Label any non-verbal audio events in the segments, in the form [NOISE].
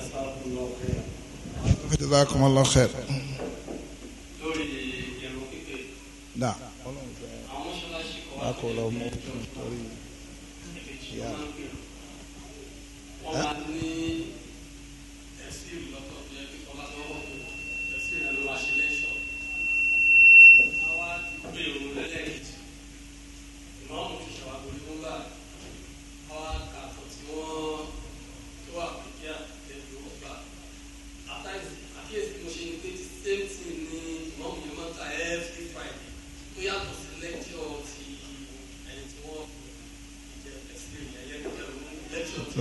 Jazakumullahu khair. lórí ẹ̀rọ kékeré. dà ọlọ́run fẹ́. àwọn mọ́ṣáláṣí kan wà lórí ẹ̀rọ kékeré. wọ́n máa ní.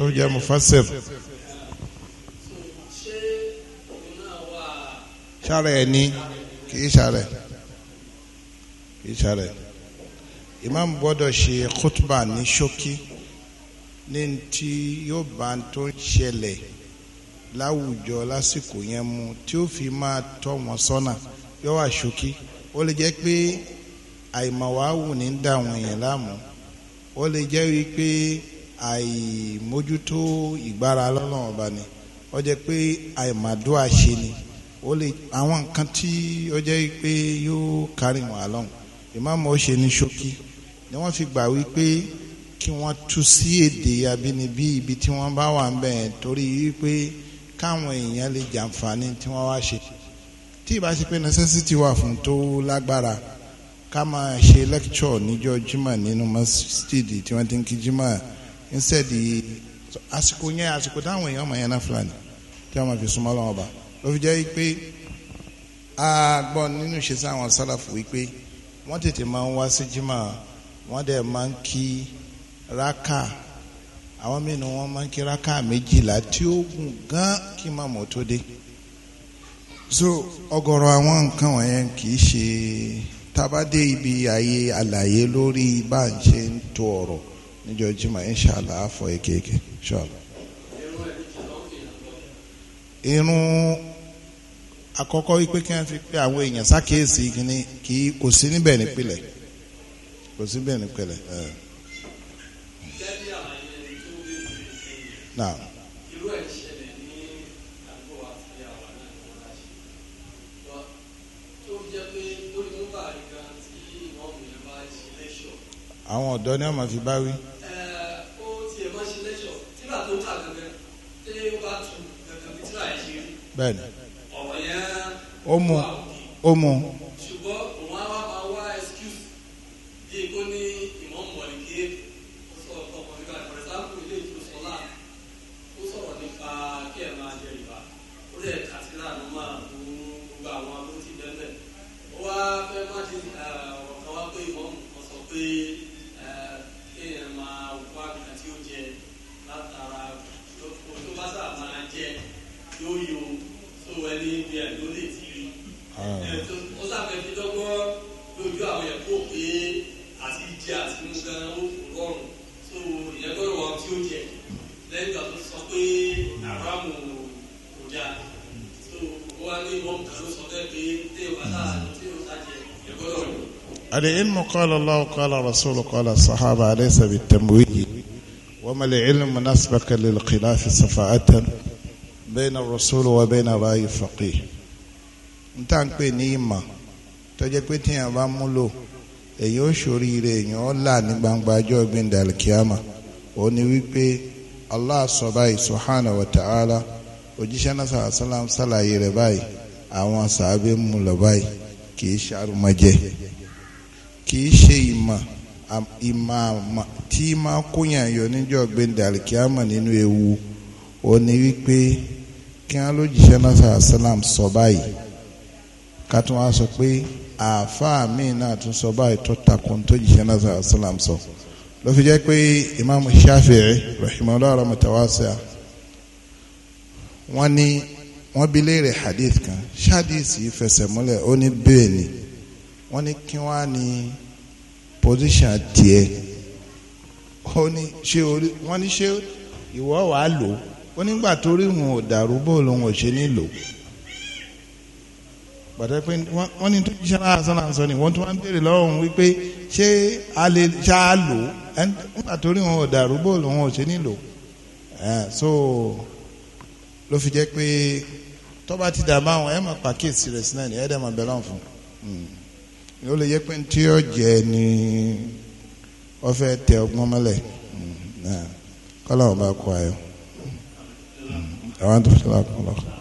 ló jẹ́ mufassir. sára ẹ̀ ní kìí sára ẹ̀ kìí sára ẹ̀ imam gbọ́dọ̀ ṣe khutba ní ṣókí ní ti yóò bá tó ṣẹlẹ̀ láwùjọ lásìkò yẹn mu tí ó fi máa tọ́ wọn sọ́nà yóò wà ṣókí ó lè jẹ́ pé àìmọ̀wá wù ní dàwọn èèyàn láàmú ó lè jẹ́ wípé àìmójútó ìgbára lọ́nà ọba ni ó jẹ́ pé àìmàdúà ṣe ni ó lè àwọn nǹkan tí ó jẹ́ pé yóò kárí wọn àlọ́hùn ìmáàmù ó ṣe ní ṣókí ni wọ́n fi gbà wípé kí wọ́n tú sí èdè abínibí ibi tí wọ́n bá wà ń bẹ̀ torí wípé káwọn èèyàn lè jàǹfààní tí wọ́n wá ṣe tí ìbá ṣe pé necessity wà fún tó lágbára ká máa ṣe lecture níjọ́ jimá nínú masjid tí wọ́n ti ń kí jimá instead àsìkò yẹn àsìkò táwọn èèyàn máa yẹn náà fúlàní tí wọ́n máa fi súnmọ́ lọ́wọ́ bá ló fi pé a gbọ́ nínú ìṣesí àwọn sálàfù wípé wọ́n tètè máa ń wá sí jimá wọ́n dẹ̀ máa ń kí rákà àwọn mìíràn wọ́n máa ń kí rákà méjìlá tí ó gùn gan kí màmú tó dé so ọ̀gọ̀rọ̀ àwọn nǹkan wọ̀nyẹn kì í ṣe tá bá ibi ààyè àlàyé lórí bá ń ṣe ń tó ọ̀rọ̀ níjọ́ jimá inṣàlá àfọ èkéèké ṣọlá. irun àkọ́kọ́ wípé kí wọ́n fi pé àwọn èèyàn sákèésì kìíní kì í kò sí níbẹ̀ nípìnlẹ̀ kò sí níbẹ̀ nípìnlẹ̀. àwọn ọ̀dọ́ ni wọ́n máa fi bá wí. bẹ́ẹ̀ ni ó ó sábẹ́ fi dọ́gbọ́n lójú àwọn yẹn kó pé àti jẹ àti mú gan ó kò rọrùn tó ìyẹn gbọ́dọ̀ wà tí ó jẹ lẹ́yìn ìgbà nta ń pè ní ìmọ̀ tó jẹ́ pé tíyàn bá múlò èyí ó ṣoríire laa ó là ní gbangba ọjọ́ alikiyama ó ní wípé Allah sọ báyìí subhanahu òjíṣẹ́ náà sàlá sàlám sàlàyé rẹ̀ báyìí àwọn sàábẹ́ mú lọ báyìí kì í ṣàrùmọ̀jẹ kì í ṣe ìmọ̀ ìmọ̀ tí máa kóyàn alikiyama nínú ewu ó ní wípé kí wọ́n lójíṣẹ́ sọ báyìí. ká tún wá sọ pé àáfàá míì náà tún sọ báyìí tó takùn tó jìṣẹ́ náà sọ̀rọ̀ sọ́làm sọ ló fi jẹ́ pé ìmáàmù Shafi'i rahimahullah mọ̀tàwáṣà wọ́n ní wọ́n bi léèrè hadith kan ṣáàdìsì fẹsẹ̀ múlẹ̀ ó ní bẹ́ẹ̀ ni wọ́n ní kí wọ́n á ní position tiẹ̀ ó ní ṣé orí wọ́n ní ṣé ìwọ́ wàá lò ó nígbà tó rí wọn ò dàrú bóòlù wọn ò ṣe ní lò ó gbàdá pé wọ́n ní jíṣẹ́ náà sọ́nà sọ ni wọ́n tún wá ń béèrè lọ́wọ́ wípé ṣé a lè ṣá a lò nígbà torí wọn ò dàrú bò lòun ò ṣe nílò so ló fi jẹ́ pé tọ́ba ti dàbá àwọn ẹ̀ máa pàkíyèsí rẹ̀ sí náà ni ẹ̀ dẹ̀ máa bẹ̀ lọ́n fún un hmm. ó lè yẹ pé tí ó jẹ ni wọ́n fẹ́ tẹ ọgbọ́n mọ́lẹ̀ hmm. kọ́lá wọn bá kó ayọ̀ hmm. àwọn tó fi lọ́kọ́ lọ́kọ́.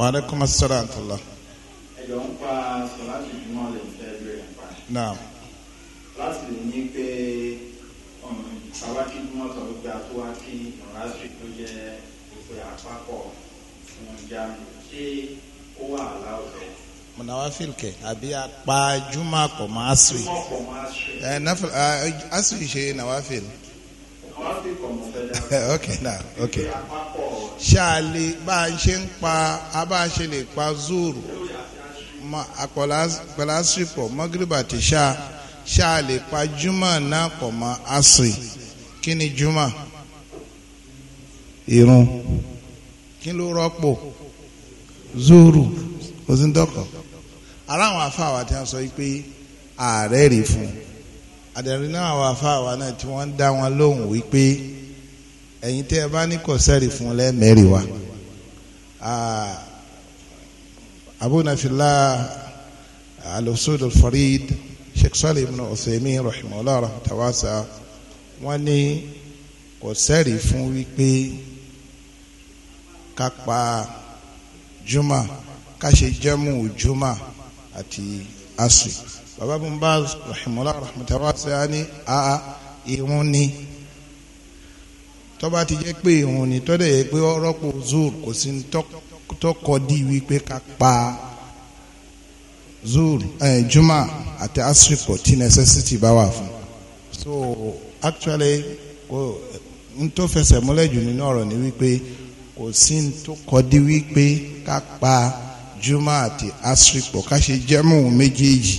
wa aleykum asalaam tala. ẹjọ ń pa sọláàtì jùmọ̀ lè fẹ́ bẹ̀rẹ̀ eh, nípa ẹ̀. naam. láti lè ní pé sábàkì jùmọ̀ tó ń gba tó wá kí ìrọ̀lásì tó jẹ́ ìpè àpapọ̀ fún ìjà ṣé ó wà láwùjọ. munawafil kẹ àbí apá jùmọ̀ eh, pọ̀ mọ́ asiri. jùmọ̀ pọ̀ mọ́ asiri. ẹ náfẹ asiri ṣe nawafil. [LAUGHS] Ok, now Ok. ṣáàlì bá a ṣe ń pa a bá a ṣe lè pa zuru pẹ̀lásìpọ̀ mọ́gìrìbà ti ṣá ṣáàlì pa juma náà pọ̀ mọ́ asì kí ni juma irun kí ló rọ́pò zuru kò sí ń dọ́kọ̀ aláwọn afáwà tí wọ́n sọ pé ààrẹ rí fún un àdẹ̀rìn náà àwọn afáwa náà tí wọ́n ń dá wọn lóhùn wípé ẹ̀yin tẹ́ ẹ bá ní kọ̀sẹ́rì fún lẹ́ẹ̀mẹ́rì wa abúnafilá alosod alfarid sheikh salim ọ̀sẹ̀mí rahimahullah tawasa wọ́n ní kọ̀sẹ́rì fún wípé kápá juma ká ṣe jẹ́mú juma àti asùn baba bin baz rahimola rahmatulahi sani aa irun ni tọ́ba ti jẹ́ pé irun ni tọ́da yẹ pé rọ́pò zur kò sí tọkọ di wípé ká pa zur ẹ̀ eh, juma àti asripo tí necessity bá wà fún so actually kò n tó fẹsẹ̀ múlẹ̀ jù nínú ọ̀rọ̀ ni wípé kò sí n tó di wípé ká pa juma àti asripo ká ṣe jẹ́mú méjèèjì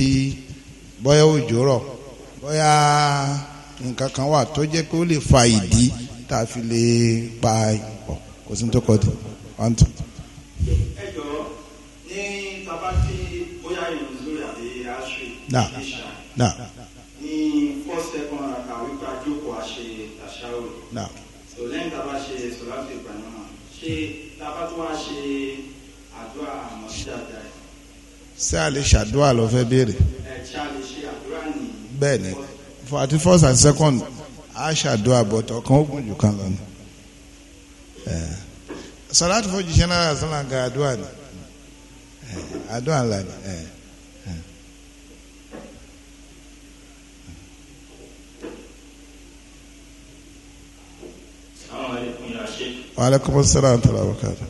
tí bóyá òjò rọ̀ bóyá nǹkan kan wà tó jẹ́ pé ó lè fa ìdí tá a fi lè pa ìpọ̀ kò sí ní tó kọ́ di tá a bá ṣe sọ̀rọ̀ àti ìgbà náà ṣé tá a bá tó wá ṣe àdúrà àmọ́ sí dáadáa ṣé a lè ṣàdúrà lọ fẹ́ béèrè. bẹ́ẹ̀ ni forty first and second a ṣàdúrà bọ̀tọ̀ kan ó gùn jù kan lọ ni. Eh. sọláàtì fojì ṣẹ́ náírà sọ́nà ga àdúrà ni eh, àdúrà ńlá ni. Eh, wa alaikumus salam wa rahmatullahi wa barakatuh.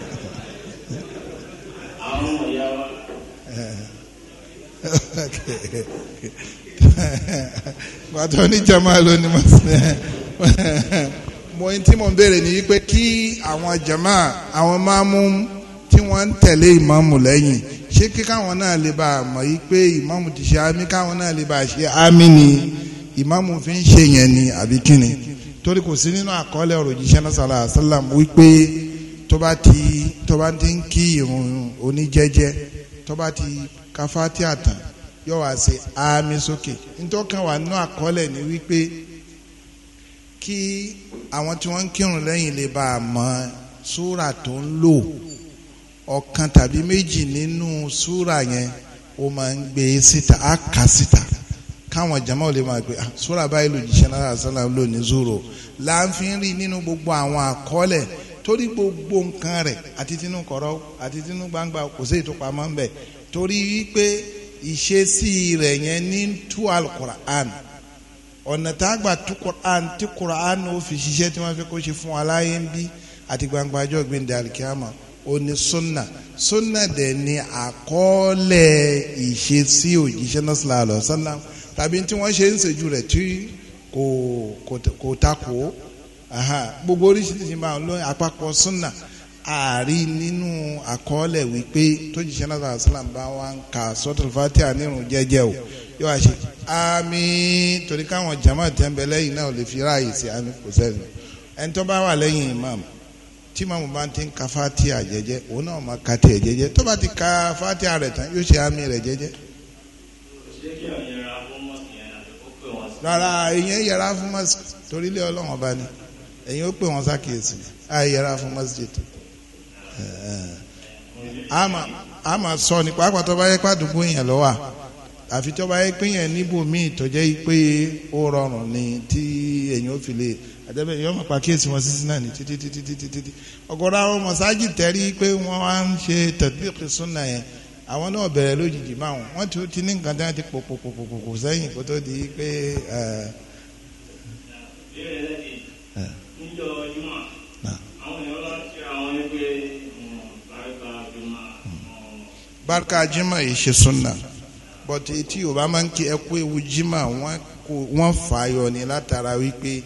àwọn ọmọ ìyá wa. pàtó ní jama ló ní masinẹ [LAUGHS] mo ń tí mo ń béèrè ní wípé kí àwọn jama àwọn máàmú tí wọ́n ń tẹ̀lé ìmáàmù lẹ́yìn ṣé kí káwọn náà lè bá a mọ̀ yí pé ìmáàmù ti ṣe àmì káwọn náà lè bá a ṣe àmì ni ìmáàmù fi ń ṣe yẹn ni àbí kíni torí kò sí nínú àkọọ́lẹ̀ ọ̀rọ̀ òjíṣẹ́ náà sàlàyé wípé tó bá ti tó bá ti ń kí irun oníjẹ́jẹ́ tó bá ti ka Fatiha tán yóò wá ṣe àmì sókè nítọ́kàn wà nínú àkọọ́lẹ̀ ni wípé kí àwọn tí wọ́n ń kírun lẹ́yìn lè bá a mọ súrà tó ń lò ọ̀kan tàbí méjì nínú súrà yẹn ó máa ń gbé síta á kà síta káwọn jama ò lè máa gbé ah, súrà báyìí lòjíṣẹ́ náà sálà lò ní zoro láàfin rí nínú gbogbo àwọn àkọọ́lẹ̀ torí gbogbo nǹkan rẹ̀ àti tinú kọ̀rọ̀ àti tinú gbangba kò sí ètò pamọ́ ń bẹ̀ torí wípé ìṣesí rẹ̀ yẹn ní tú alukur'an ọ̀nà tá a gbà tú kur'an tí kur'an ó fi ṣiṣẹ́ tí wọ́n fi kó ṣe fún aláyé ń bí àti gbangba ọjọ́ gbẹ̀ndẹ̀ alikiyama ó ní sunna sunna dẹ̀ ni àkọọ́lẹ̀ ìṣesí òjíṣẹ́ náà sallallahu alaihi wasallam tàbí tí wọ́n ṣe ń ṣèjú rẹ̀ tí kò kò takò gbogbo oríṣiríṣi máa ń lọ àpapọ̀ súnà ààrí nínú àkọọ́lẹ̀ wípé tó jíṣẹ́ náà sàlá sàlám bá wà ń ka sọ́tò fatia nírun jẹ́jẹ́ o yóò wá ṣe àmì torí káwọn jama tẹ́ńbẹ́ lẹ́yìn náà lè fi ráàyè sí àmì kò sẹ́yìn ẹni tó bá wà lẹ́yìn imam tí màmú bá ti ń ka fatia jẹ́jẹ́ òun náà máa ka tiẹ̀ jẹ́jẹ́ tó bá ti ka fatia rẹ̀ tán yóò ṣe àmì rẹ̀ jẹ́jẹ́. rárá ìyẹn yẹra fún mọ́sí torílé ọlọ́run ọba ni ẹ̀yin ó pè wọ́n sákèésì àì fún masjid a máa sọ ní pàápàá tó bá yẹ pàdúgbò yẹn lọ́wọ́ àfi tó bá yẹ pé yẹn níbò míì tó jẹ́ pé ó rọrùn ni tí ẹ̀yin ó fi lè àdẹ́bẹ̀ yọ ọmọ pàkíyèsí wọn sísí náà ní títí títí títí títí ọ̀gọ̀rọ̀ àwọn mọ̀sájì tẹ́rí pé wọ́n wá ń ṣe tẹ̀bíkì súnà yẹn àwọn náà bẹ̀rẹ̀ lójijì báwọn wọ́n ti ti ní nǹkan tí wọ́n ti pòpòpòpò sẹ́yìn kó tó di pé barika jima, ah. hmm, hmm. yìí ṣe sunna but etí yorùbá máa ń kí ẹkú ewu jimá wọ́n fà á yọ ni látara wípé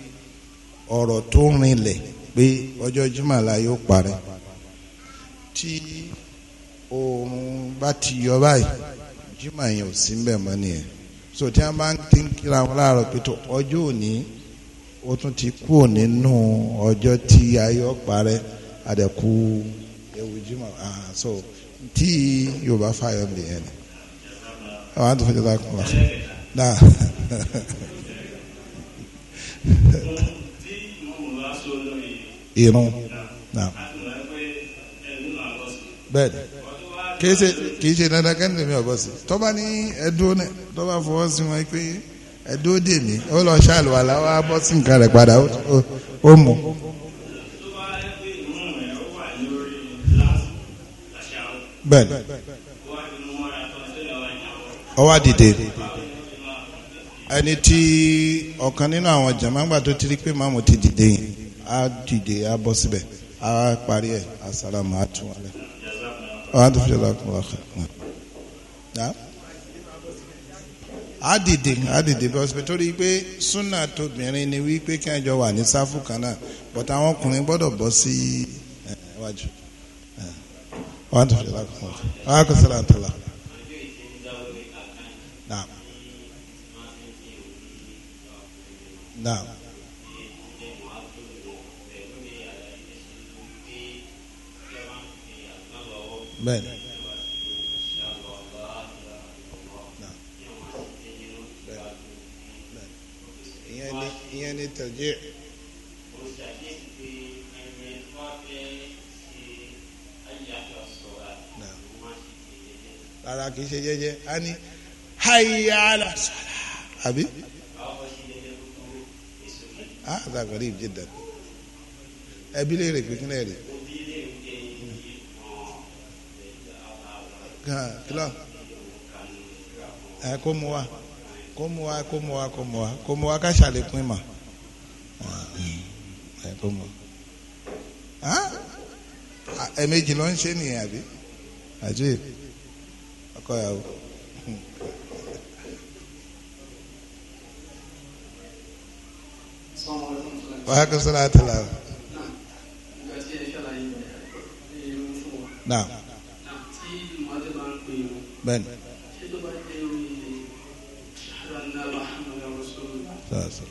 ọ̀rọ̀ tó rinlẹ̀ pé ọjọ́ jimá la yóò parẹ́ tí oòrùn bá ti yọ báyìí jimá yẹn ò sí mbẹ̀ mọ́ nìyẹn so tí wọ́n bá ń kí ra wọn láàárọ̀ pé tó ọjọ́ òní ó tún ti kúrò nínú ọjọ́ tí ayọ́ parẹ́ àdẹ̀kù ewu jimá so tí yorùbá fàyọ ń bìyẹn ni àwọn àti fọjọ́ láti kún wa náà. irun náà bẹ́ẹ̀ ni kì í ṣe dandan kẹ́ni lèmi ọ̀bọ̀ sí tọ́ba ní ẹ̀dùn náà tọ́ba fọwọ́ sí wọn pé ẹ dúró dè mí ó lọ ṣàlùwàlá wá bọ́ sí nǹkan rẹ̀ padà ó mọ̀. bẹ́ẹ̀ni ó wá dìde ẹni tí ọ̀kan nínú àwọn jàmágbà tó ti rí pé màmú ti dìde yìí á dìde á bọ́ síbẹ̀ á parí ẹ̀ asalamu alaykum wa rahmatulahi wa barakatuh á dìde á dìde bọ́sẹ̀ torí pé súnà tóbìnrin ni wípé kí wọ́n jọ wà ní sáfù kan náà bọ́tà àwọn ọkùnrin gbọ́dọ̀ bọ́ sí iwájú. wọ́n tún fi lákòókò wọ́n á ni ìyẹn ni tẹ̀jẹ́. rárá kì í ṣe jẹ́jẹ́ a ní hayya ala sala àbí. هذا غريب جدا ابي ليرك بكن ليرك كلا ها كم واحد kó mú wa kó mú wa kó mú wa kó mú wa ká ṣàlékún ìmọ̀ ẹ ah, mm, kó mú wa ah, ẹ̀ẹ̀mejì ló ń ṣe nìyẹn àbí àjẹ́ ọkọ ìyàwó. wàhákùn sọlá àtàlà. Naam. Bẹ́ẹ̀ni. sàásọ.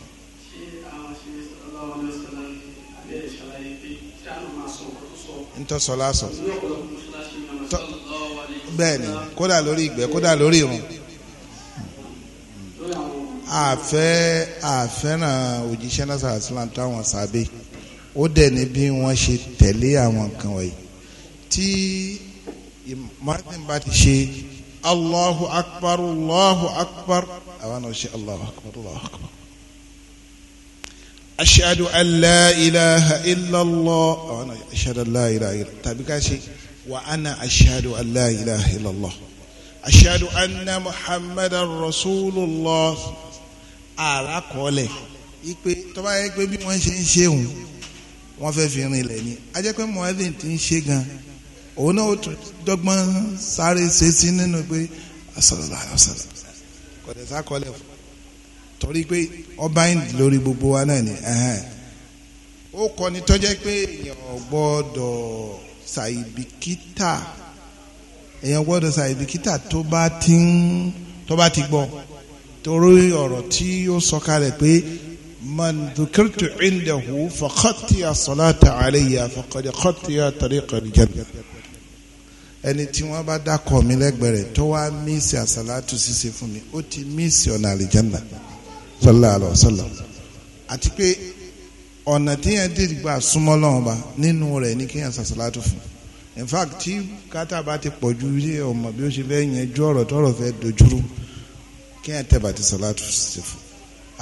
ntọ́sọ̀lá sọ bẹ́ẹ̀ ni kódà lórí ìgbẹ́ kódà lórí irun àfẹ́ àfẹ́ràn òjíṣẹ́ náà sàásìlám táwọn sábẹ́ ó dẹ̀ ní bí wọ́n ṣe tẹ̀lé àwọn kan wọ̀nyí tí martin bá ti ṣe allahu akbar allahu akbar àwọn náà ṣe allahu akbar allahu akbar. أشهد أن لا إله إلا الله وأنا أشهد أن لا إله إلا تابكاسي وأنا أشهد أن لا إله إلا الله أشهد أن محمد رسول الله أراكولي ipe tó bá yẹ pé bí wọ́n ṣe ń ṣe òun wọ́n fẹ́ fi rin ilẹ̀ ni a jẹ́ pé muhammed ti ń ṣe gan òun náà ó tún dọ́gbọ́n sáré ṣe sí nínú pé asọ̀rọ̀ làwọn sọ̀rọ̀ kọ̀dẹ̀sá kọlẹ̀ fún torí pé ọba ìdí lórí gbogbo wa náà ni ó kọ́ ni tọ́jẹ́ pé èèyàn gbọ́dọ̀ ṣàìbìkítà èèyàn gbọ́dọ̀ ṣàìbìkítà tó bá ti ń tó bá ti gbọ́ torí ọ̀rọ̀ tí ó sọ kalẹ̀ pé man dhukirtu indahu faqatiya salata alayya faqad qatiya tariqa al-janna ẹni tí wọ́n bá dákọ̀ mi lẹ́gbẹ̀rẹ̀ tó wá mísì àsálàtù ṣíṣe fún mi ó ti mísì ọ̀nà àlìjánnà sallallahu alayhi wa sallam àti pé ọ̀nà téèyàn dìrì gba súnmọ́ lọ́wọ́ ba nínú rẹ̀ ní kéèyàn sàṣàlátù fún in fact tí kátà bá ti pọ̀ ju ilé ọmọ bí ó ṣe fẹ́ yẹn ju ọ̀rọ̀ tọ̀rọ̀ fẹ́ dojúrú kéèyàn tẹ̀ bá ti sàṣàlátù sí fún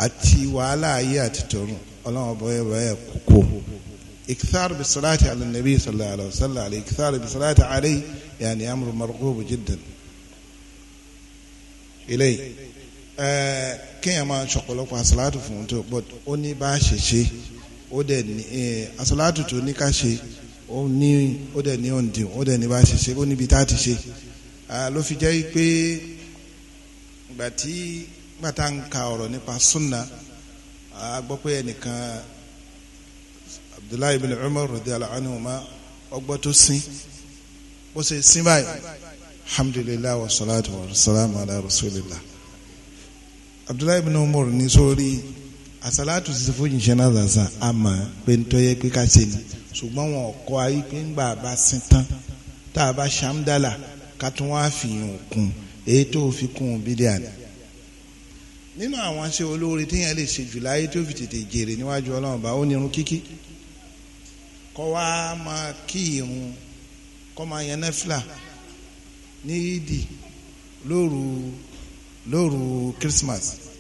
àti wàhálà ayé àti tọ̀run ọlọ́wọ́ bọ́ yẹ kókó ikthar bi ala nabi sallallahu alayhi wa sallam ikthar bi salati alayhi yani amru marghub jiddan ilay ẹẹ kéèyàn máa sọ̀pọ̀lọpọ̀ àsàlátù fún tó but ó ní bá a ṣe ṣe ó dẹ̀ ní ẹẹ àsàlátù tó ní ká ṣe ó ní ó dẹ̀ ní òǹdí ó dẹ̀ ní bá a ṣe ṣe ó níbi tá a ti ṣe ló fi jẹ́ pé ìgbà tí ń ka ọ̀rọ̀ nípa sunna a gbọ́ pé ẹnìkan Abdullahi bin Umar radiyallahu anhuma ọgbọ́ tó sin ó ṣe sin báyìí alhamdulilayi wa salatu wa salamu ala rasulillah abdullahi bin umar ní sórí àsálàtù sísè fún yìnyín náà zàzà àmọ́ pé ń tọ́yẹ pé ká ṣe ni ṣùgbọ́n wọn kọ́ ayé pé ńgbà bá sin tán tá a bá ṣàmdálà ká tún wá fìyàn kún èyí tó fi kún un bídíà ni nínú àwọn aṣẹ olóore téèyàn lè ṣe jù láyé tó fi tètè jèrè níwájú ọlọ́run bá ó ní irun kíkí kọ́ wá máa kí irun kọ́ máa yan nẹ́fìlà ní ìdì lóru lóru Christmas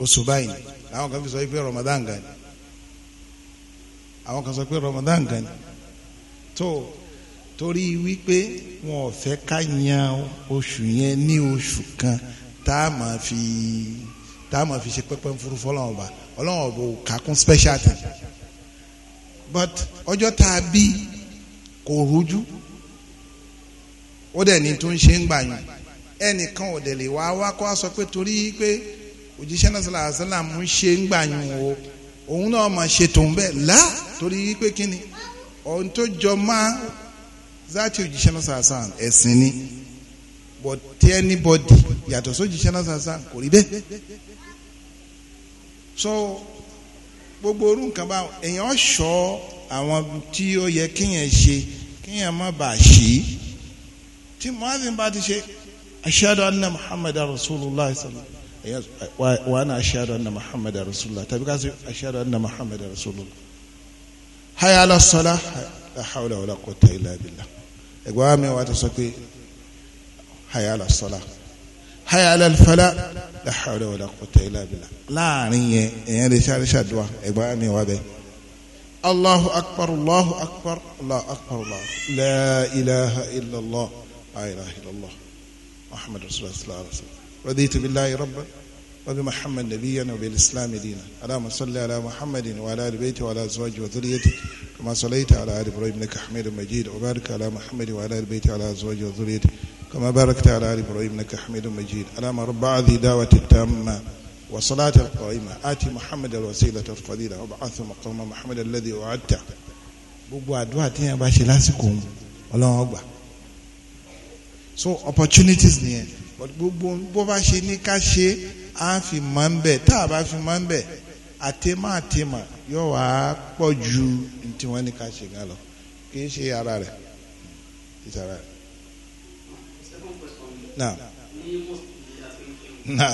oṣù báyìí làwọn kan fi sọ pé Ramadan gan ni àwọn kan sọ pé Ramadan gan ni tó torí wípé wọn ò fẹ́ ká yan oṣù yẹn ní oṣù kan tá a máa fi tá a máa fi ṣe pẹ́pẹ́ ń fọlọ́wọ́n ọba ọlọ́wọ́n ọba ò special time but ọjọ́ tá a bí kò rújú ó dẹ̀ ní tó ń ṣe ń gbà yàn ẹnìkan ò dẹ̀ lè wá wá kó a sọ pé torí pé òjíṣẹ́ náà sọ̀rọ̀ àṣàlà mú ṣe ń gbàyàn o òun náà mà ṣe tòun bẹ́ẹ̀ lá torí pé kí ni ohun tó jọ máa záàtì òjíṣẹ́ náà sọ̀rọ̀ ẹ̀sìn ni but anybody yàtọ̀ sójíṣẹ́ náà sọ̀rọ̀ kò rí bẹ́ẹ̀ so gbogbo orú nǹkan bá èèyàn ṣọ́ àwọn tí ó yẹ kéèyàn ṣe kéèyàn má bàa ṣe tí muhammed bá ti ṣe ashadu anna muhammad rasulullah sallallahu alaihi wa sallam wa ana ashhadu anna muhammadar rasulullah tàbí ká sọ ashhadu anna muhammadar rasulullah hayya ala salah la hawla wala quwwata illa billah ẹ̀gbọ́n wa mi wà á ti sọ pé hayya ala salah hayya ala al-falah la hawla wala quwwata illa billah láàrin yẹn èèyàn lè ṣáà ṣàdùà ẹ̀gbọ́n wa mi wà bẹ́ẹ̀. الله أكبر الله أكبر الله أكبر الله لا إله إلا الله لا إله إلا الله محمد رسول الله صلى الله عليه وسلم رضيت بالله ربا وبمحمد نبيا وبالإسلام دينا اللهم صل على محمد وعلى آل بيته وعلى أزواجه وذريته كما صليت على آل إبراهيم إنك حميد مجيد وبارك على محمد وعلى آل بيته وعلى أزواجه وذريته كما باركت على آل إبراهيم إنك حميد مجيد اللهم رب هذه دعوة التامة وصلاة القائمة آتي محمد الوسيلة الفضيلة وابعثه مقام محمد الذي وعدته gbogbo àdúrà tí yẹn bá ṣe lásìkò ọlọ́run so opportunities nìyẹn gbogbo bó bá ṣe ní ká ṣe á fi mọ́ ń bẹ̀ tá a bá fi mọ́ ń bẹ̀ àtẹ̀mọ́ àtẹ̀mọ́ yóò wá pọ̀ ju tí wọ́n ní ká ṣe gan lọ kì í ṣe ara rẹ̀ kì í ṣe ara rẹ̀. na na.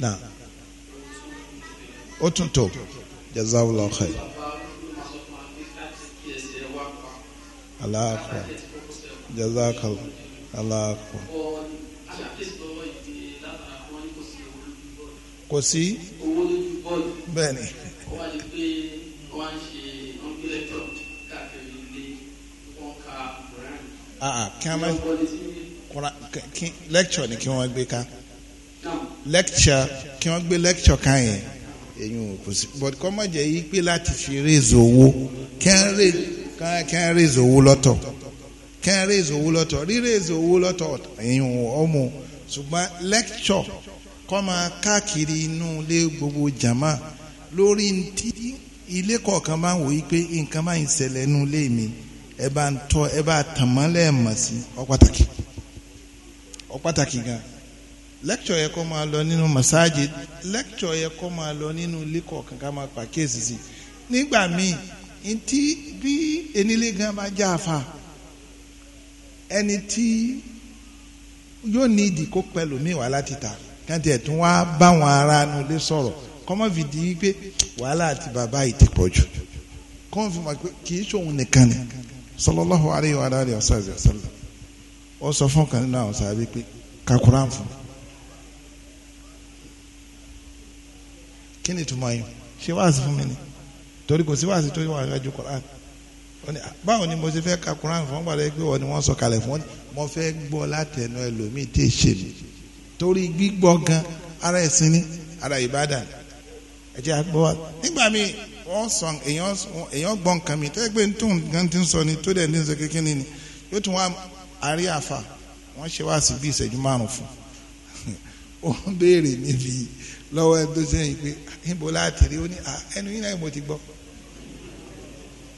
na ó tún tó jazakallahu khair. aláàkọ jazakallahu aláàkọ. kò sí bẹ́ẹ̀ ni. Ah, kí a máa lecture ni kí wọ́n gbé ká lecture kí wọ́n gbé lecture kan yẹn eyín kò sí but kọ́ mọ̀ jẹ́ yí pé láti fi raise owó kẹ́ń raise owó lọ́tọ̀ kẹ́ń raise owó lọ́tọ̀ rí raise owó lọ́tọ̀ eyín ọmọ ṣùgbọ́n lecture kọ́ máa káàkiri inú ilé gbogbo jama lórí ti ilé kọ̀ọ̀kan máa ń wò yí pé nǹkan máa ń ṣẹlẹ̀ nínú ilé mi ẹ bá ń tọ́ ẹ bá tàn mọ́lẹ̀ mọ̀ sí ọ pàtàkì ọ pàtàkì gan-an lẹ́kítọ̀ yẹ kó máa lọ nínú masáàjì lẹ́kítọ̀ yẹ kó máa lọ nínú ilé kọ̀ọ̀kan ká máa pàkíyèsí sí nígbà míì ntí bí enílé gan bá já afa ẹni tí yóò ní ìdí kó pẹ̀lú mi wà láti ta káńtì ẹ̀tún wá báwọn ará nu lé sọ̀rọ̀ kọ́mọ́ fìdí wípé wàhálà àti bàbá yìí ti pọ̀ jù kọ́mọ́ fi mọ̀ pé kì í ṣòun nìkan ni sallallahu alayhi wa alihi wa sallam ọ fún kan nínú àwọn sàbí pé kakura fún mi. kí ni ìtumọ̀ yìí ṣé wáàsí fún mi ni torí kò sí wáàsí tó wà lájú koran báwo ni mo ṣe fẹ́ ka koran fún wọn pé wọ́n ni wọ́n sọ kalẹ̀ fún wọn mo fẹ́ gbọ́ látẹnu ẹlòmíì tí ì mi torí gbígbọ́ gan ara ẹ̀sìn ni ara ìbádà ni ẹ àgbọ̀ wa nígbà míì wọ́n sọ èèyàn gbọ́ nǹkan mi tẹ́ pé tó nǹkan ti ń sọ ni tó dẹ̀ ní sọ kékeré ni yóò tún wá àrí àfà wọ́n ṣe wá sí bí ìṣẹ́jú márùn-ún fún [LAUGHS] ó ń béèrè níbi lọ́wọ́ ẹgbẹ́ sẹ́yìn pé ah, níbo láti rí ó ní ah, ẹnu yín náà mo ti gbọ́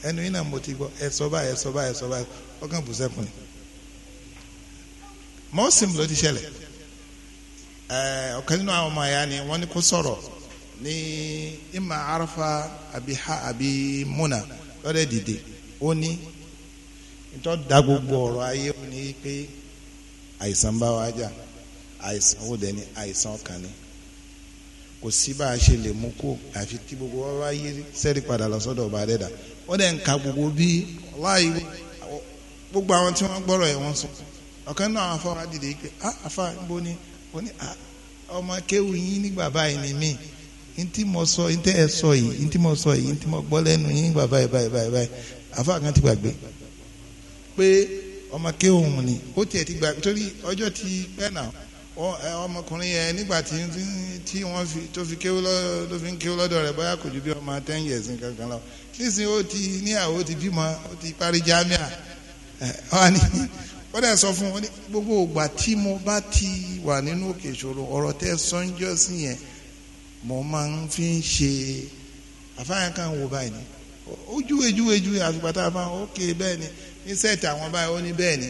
ẹnu yín náà mo ti gbọ́ ẹ sọ báyìí ẹ sọ báyìí ẹ sọ báyìí ọkàn bù sẹ́kùn ni. mọ́sìn ló ti ṣẹlẹ̀ eh, ọ̀kan nínú àwọn ọmọ ẹ̀yà ni wọ́n ní kó sọ̀rọ̀ ní ima arafa àbí ha àbí muna lọ́dẹ̀ dìde ó ní ìtọ́ da gbogbo ọ̀rọ̀ ayé ó ní pé àìsàn bá wa jà àìsàn ó dẹ̀ àìsàn ọkàn ni. kò sí bá a ṣe lè mú kó àfi tí gbogbo wa bá yí padà lọ sọ́dọ̀ ọba rẹ̀ dà ó dẹ̀ ka gbogbo bí láì gbogbo àwọn tí wọ́n gbọ́rọ̀ ẹ̀ wọ́n sọ ọ̀kan náà àwọn afọwọ́ dìde pé ni ó ní ọmọ kéwù yín ni mí mo sọ ẹ sọ yìí mo sọ yìí mo gbọ́ lẹ́nu yín báyìí báyìí báyìí kan ti gbàgbé pé ọmọ kéwù ni ó tiẹ̀ ti ọmọkùnrin yẹn nígbà tí wọ́n fi tó fi kéwú ló fi ń kéwú lọ́dọ̀ rẹ̀ bóyá kò ju bí ọmọ ten years kankan lọ nísìnyí ó ti níyàwó ti bímọ ó ti parí jamia ọ̀hání ó dẹ̀ sọ fún un gbogbo ìgbà tí mo bá ti wà nínú òkè ìṣòro ọ̀rọ̀ tẹ́ sọ́njọ́ sí yẹn mo máa ń fi ń ṣe àfáàyàn kan wò báyìí ó júwe júwe júwe àfipá bẹ́ẹ̀ ni ní sẹ́ẹ̀tì àwọn báyìí ó ní bẹ́ẹ̀ ni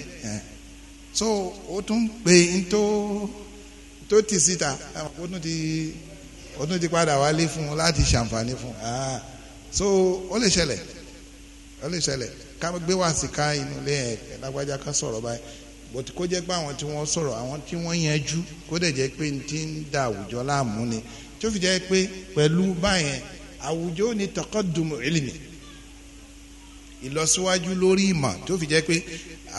so ó tún pè ń tó tó tì síta ó tún ti ó tún ti padà wálé fún un láti ṣàǹfààní fún ah, so ó lè ṣẹlẹ̀ ó lè ṣẹlẹ̀ ká gbé wá sí ká inú ilé ẹ̀ lágbájá ká sọ̀rọ̀ báyìí bọ̀tí kó jẹ́ pé àwọn tí wọ́n sọ̀rọ̀ àwọn tí wọ́n yanjú kó dẹ̀ jẹ́ pé ti ń da àwùjọ láàmú ni tó fi jẹ́ pé pẹ̀lú báyẹn àwùjọ ni taqaddumu ilmi ìlọsíwájú lórí ìmọ̀ tó fi jẹ́ pé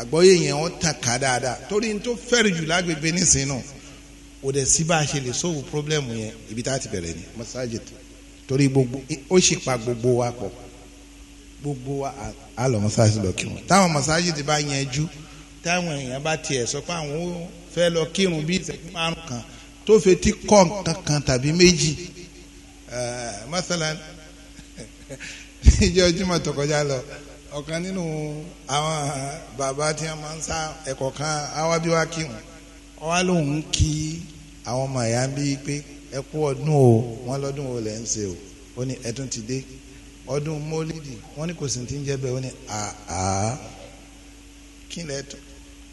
àgbọ́yé yẹn wọ́n tàn ká dáadáa torí n tó fẹ́rẹ̀ jù lágbègbè nísìnyí náà ò dẹ̀ sí bá a ṣe lè sóòwò pírọ́blẹ́mù yẹn ibi tá a ti bẹ̀rẹ̀ ni masajid torí gbogbo ó sì pa gbogbo wa pọ̀ gbogbo wa a lọ masajid lọ kírun táwọn masajid bá yẹn jú táwọn èèyàn bá tiẹ̀ sọ pé àwọn fẹ́ lọ kírun bí ìṣẹ́jú márùn kan tó fetí kọ́ nǹkan kan tàbí méjì masalan [LAUGHS] níjẹ́ ojúmọ̀ tó lọ ọ̀kan nínú àwọn bàbá tí wọ́n máa ń sá ẹ̀kọ́ kan awábíwá kírun ọwá lòun ń kí àwọn ọmọ ẹ̀yà ń bí pé ẹ kú ọdún o wọ́n lọ́dún o lẹ̀ ń ṣe o ó ní ẹ̀tún ti dé ọdún mólídì wọ́n ní kò sì ti ń jẹ́ bẹ́ẹ̀ ó ní àá kí lẹ́ tó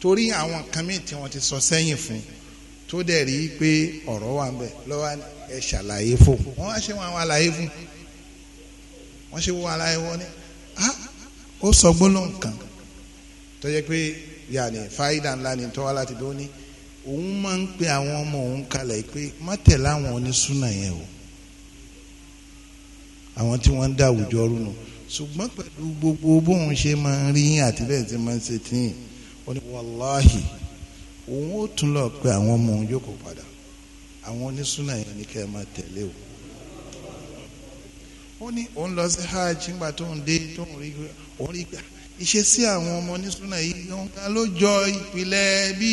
torí àwọn kan míì tí wọ́n ti sọ sẹ́yìn fún tó dẹ̀ rí i pé ọ̀rọ̀ wà ń bẹ̀ lọ́wọ́ ẹ ṣàlàyé fún wọ́n wá ṣe wọn àwọn àlàyé fún wọ́n ṣe wọn àlàyé wọn ní ó sọ gbólóhùn kan tó yẹ pé yàní fáyidà ńlá ni tó wá láti bí ó ní òun máa ń pe àwọn ọmọ òun kalẹ̀ pé má tẹ̀lé àwọn onísúnà yẹn o àwọn tí wọ́n ń dá àwùjọ rúnu ṣùgbọ́n pẹ̀lú gbogbo bóun ṣe máa ń rí àti bẹ́ẹ̀ tí máa ń ṣe tí yìí ó ní wàláhì òun ó tún lọ pé àwọn ọmọ òun jókòó padà àwọn onísúnà yẹn ni kẹ́ ẹ máa tẹ̀lé o ó ní òun lọ sí hajj ńgbà tó ń dé tó ń rí òun rí gbà ìṣesí àwọn ọmọ ní súnà yìí òun kan ló jọ ìpìlẹ̀ bí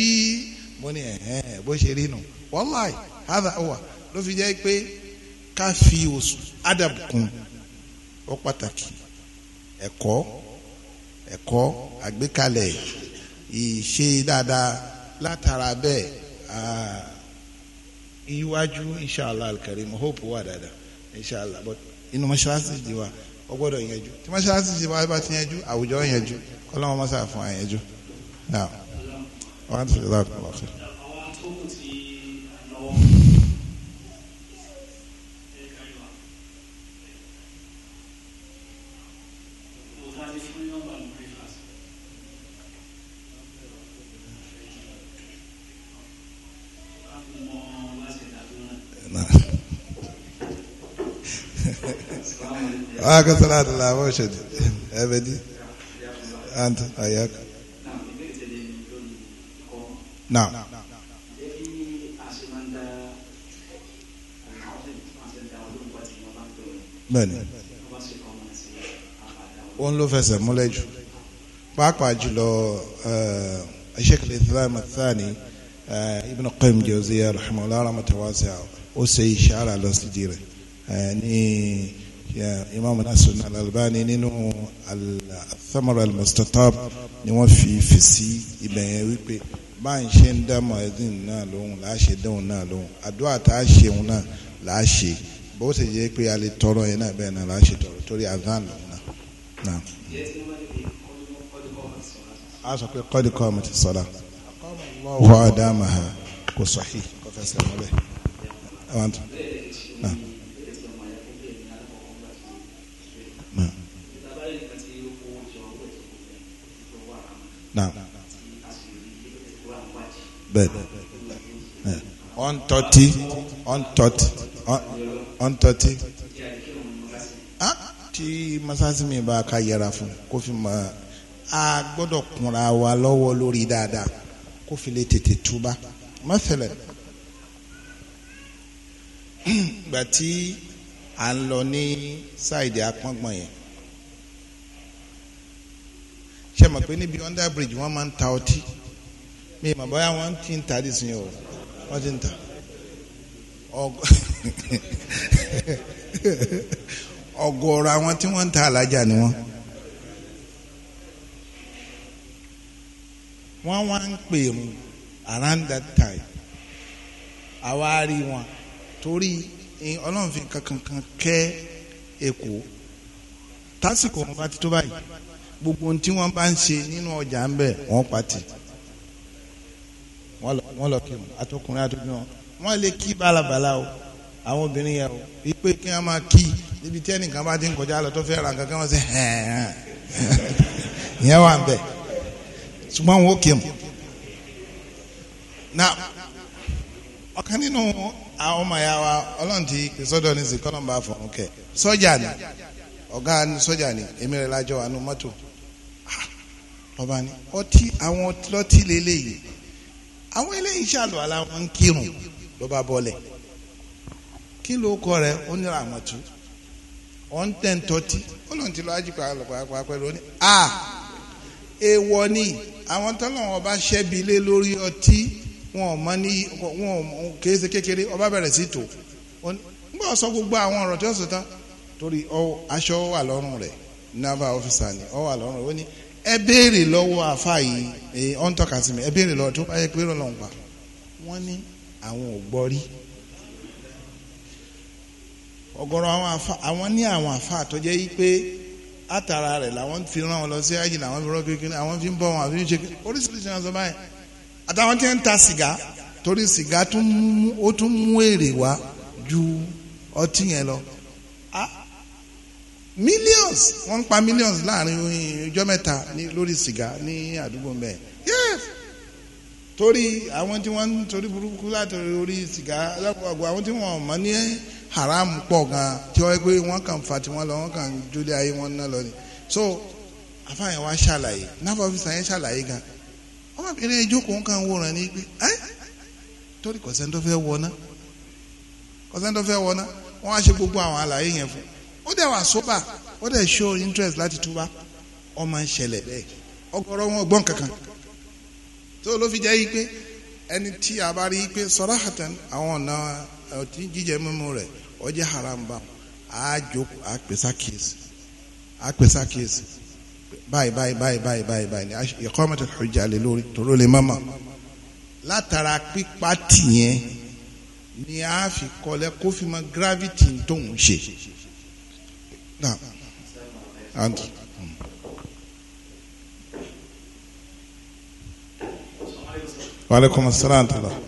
mo ní ẹ̀hẹ́n bó ṣe rí nù wàláì hádà wà ló fi jẹ́ pé ká fi oṣù adab kún ó pàtàkì ẹ̀kọ́ ẹ̀kọ́ àgbékalẹ̀ ìṣe dáadáa látara bẹ́ẹ̀ iwájú inshallah alkarim hope wà dáadáa inshallah but inú mọ́ṣáláṣí ti wà ó gbọ́dọ̀ yanjú tí mọ́ṣáláṣí ti wà bá ti yanjú àwùjọ yanjú kọ́lọ́mọ mọ́ṣáláṣí fún àyànjú. náà wọ́n á tún fi lọ́kùnrin lọ́kùnrin. آك صلاة الله وشد أبدي أنت أياك نعم bẹ́ẹ̀ni òun ló fẹsẹ̀ múlẹ̀ jù pàápàá jùlọ sheikh islam athani ibn qayyim jawziya rahimahullah rahmatulah ó ṣe ìṣàrà lọ sí di rẹ̀ ní. imam nasirun alalbani nínú athamara almustatab ni wọ́n fi fèsì ibẹ̀ yẹn wípé bá ń ṣe ń dá mu'adhin náà lóhùn là á ṣe dẹ́hùn náà lóhùn àdúrà tá a ṣeun náà là á ṣe bó ṣe jẹ́ pé a lè tọrọ yẹn náà bẹ́ẹ̀ náà là ṣe tọrọ torí adhan lòun náà. a sọ pé qad qamati salat Allahu adamaha kò sahih kò fẹsẹ̀ mọ́lẹ̀. náà bẹ́ẹ̀ ọ̀n tọ́tí ọ̀n tọ́tí ọ̀n tọ́tí ti masasi mi ba ka yẹra fún kó fi mọ a gbọ́dọ̀ kunra wa lọ́wọ́ lórí dáadáa kó fi lè tètè túbà mẹsẹlẹ gbàtí à ń lọ ní sáìdì apọ́ngbọ̀n yẹn ma mọ̀ pé níbi under bridge wọ́n máa ta ọtí mi ìmọ̀ bóyá wọ́n ti ń ta dísìn o wọ́n ti ń ta [LAUGHS] ọ̀gọ̀ọ̀rọ̀ àwọn tí wọ́n ń ta alájà ni wọ́n. wọn wá ń pè mu around that time àwa rí wọn torí ọlọ́run fi kankan kẹ́ èkó tásìkò wọn bá ti tó báyìí. gbogbo ohun tí wọ́n bá ń ṣe nínú ọjà ń bẹ̀ wọ́n pati wọ́n lọ kí wọn àtọkùnrin àtọkùnrin wọn wọ́n lè kí balabala o àwọn obìnrin yẹn o ìpè kí wọ́n máa kí níbi tí ẹnìkan bá ti ń kọjá lọ tó fẹ́ ra nǹkan kí wọ́n ṣe hẹ́ẹ́n ìyẹn wà ń bẹ̀ ṣùgbọ́n wọn ò kí mu na ọ̀kan nínú àwọn ọmọ ya wa ọlọ́run ti pè sọ́dọ̀ ní sí kọ́nọ̀mbà fọ̀ọ́kẹ́ sọ́jà ni ọ̀gá sọ́jà ni èmi rẹ̀ lájọ àánú mọ́tò ọba ni ọtí àwọn ọtí lélẹ́yìí àwọn eléyìí ṣàlùwà làwọn ń kírun ló bá bọ́lẹ̀ kí ló kọ rẹ ó ní àmọ̀tú ọ̀ ń tẹ̀ ń tọ́tí ó lóun ti lọ ájú pàápàá pẹ̀lú ó ní a èèwọ̀ ni àwọn tọ́lọ́wọ́n bá ṣẹ́bi lé lórí ọtí wọn ò mọ ní wọn ò kéé ṣe kékeré ọba bẹ̀rẹ̀ sí tò nígbà sọ gbogbo àwọn ọ̀rọ̀ tí ó sọ tán torí aṣọ wà lọ́rùn rẹ̀ naval officer ni ọ wà lọ́rùn rẹ̀ ó ní ẹ béèrè lọ́wọ́ àfa yìí ẹ ọ́n tọ́ka sí mi ẹ béèrè lọ́wọ́ tó bá yẹ pé rọlọ́n gbà wọ́n ní àwọn ò gbọ́ rí ọ̀gọ̀rọ̀ àwọn àfa àwọn ní àwọn àfa àtọ́jẹ́ yìí pé àtàrà rẹ̀ làwọn fi rán wọn lọ sí àyè làwọn fi rán kékeré àwọn fi ń bọ́ wọn àfi ń ṣe oríṣiríṣi náà sọ báyìí àtàwọn tí ń ta sìgá torí sìgá ó tún mú èrè wá ju ọtí yẹn lọ ah millions wọ́n ń pa millions láàrin ọjọ́ mẹ́ta lórí sìgá ní àdúgbò mẹ́ẹ̀ yes torí àwọn tí wọ́n ń torí burúkú láti orí sìgá lápapọ̀ àwọn tí wọ́n mọ̀ ní haram pọ̀ gan tí wọ́n pé wọ́n kàn fa tí wọ́n lọ wọ́n kàn jólé ayé wọn ná lọ ni so àfààyàn wa ṣàlàyé náfà ọ́fíìsì yẹn ṣàlàyé gan ọmọbìnrin ìjókòó ń kàn wòran ní pé ẹ́ torí kọ̀sẹ́ńtọ́ fẹ́ wọ́ná kọ̀sẹ́ńtọ́ fẹ́ wọ́ná wọ́n á ṣe gbogbo àwọn àlàyé yẹn fún un ó dẹ̀ wà sóbà ó dẹ̀ show interest láti túbá ó máa ń ṣẹlẹ̀ bẹ́ẹ̀ ọ̀gọ̀rọ̀ wọn gbọ́n kankan tó ló fi jẹ́ yí pé ẹni tí a bá rí i pé sarahatan àwọn ọ̀nà ọtí eh, jíjẹ mímu rẹ̀ ó haram bá a jókòó a pèsè kíyèsí a pèsè kíyèsí báyìí báyìí báyìí báyìí báyìí báyìí ni iqamatu hujja lé lórí tòró lè má látara pípa tìyẹn ni a fi kọ́lẹ́ kófìmọ̀ gravity tó ń ṣe. نعم عندك وعليكم السلام ورحمة الله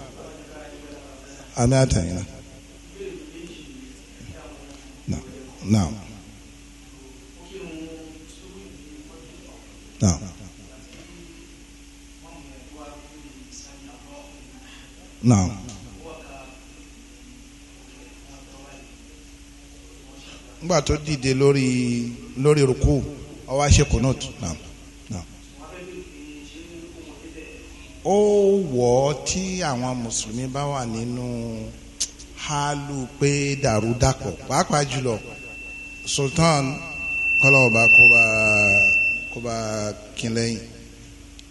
أنا أتينا نعم نعم نعم نعم, نعم. nígbà tó dìde lórí lórí rúkú ó wá ṣe kùnúùtù náà ó wọ̀ ọ́ tí àwọn mùsùlùmí bá wà nínú hálù pé dàrúdàpọ̀ pàápàá jùlọ sultan kọlọ́ọ̀bá kọba kọba kìnlẹ́yìn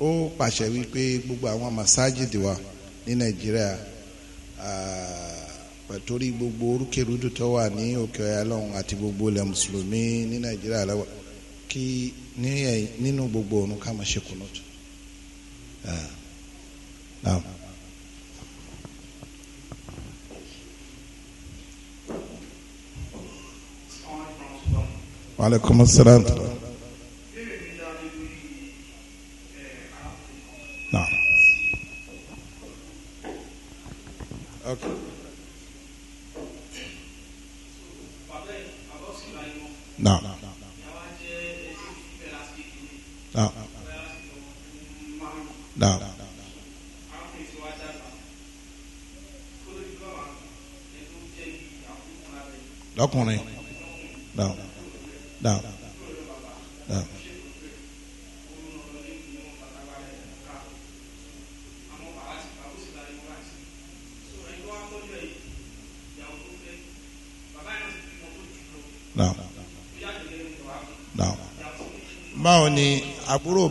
ó pàṣẹ wípé gbogbo àwọn masajid wa ní nàìjíríà. Uh, torí gbogbo orúkèrúdò tó wà ní òkè ọ̀yà lọ́hùn àti gbogbo ilẹ̀ mùsùlùmí ní nàìjíríà lọ́wọ́ kí nínú gbogbo òun ká máa ṣe kunut. wàhálà kọ́mọ́sárántì.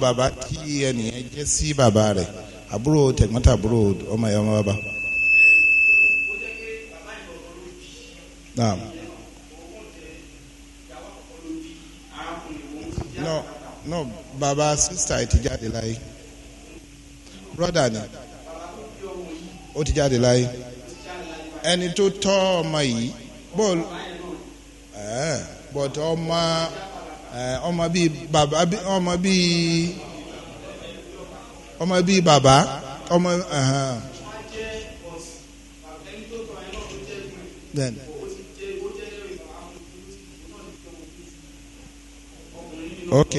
bàbá kí ẹnìyẹn jẹ́ sí bàbá rẹ̀ àbúrò tẹ̀gbọ́ntàbúrò ọmọ ẹ̀yà ọmọ bàbá. Naam. No, no, bàbá sísítà ẹ̀ ti jáde láyé. Brọ́dà ni ó ti jáde láyé. Ẹni tó tọ́ ọmọ yìí bọ́ọ̀lù bọ̀tọ̀ ọmọ. Eh, ọmọ bíi bàbá ọmọ bíi ọmọ bíi bàbá ọmọ then. ok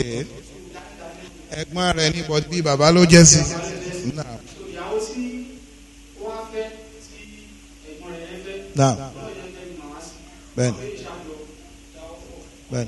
ẹ̀gbọ́n rẹ̀ ní bọ́dí bíi bàbá ló jẹ́ sí. Now, Ben, Ben.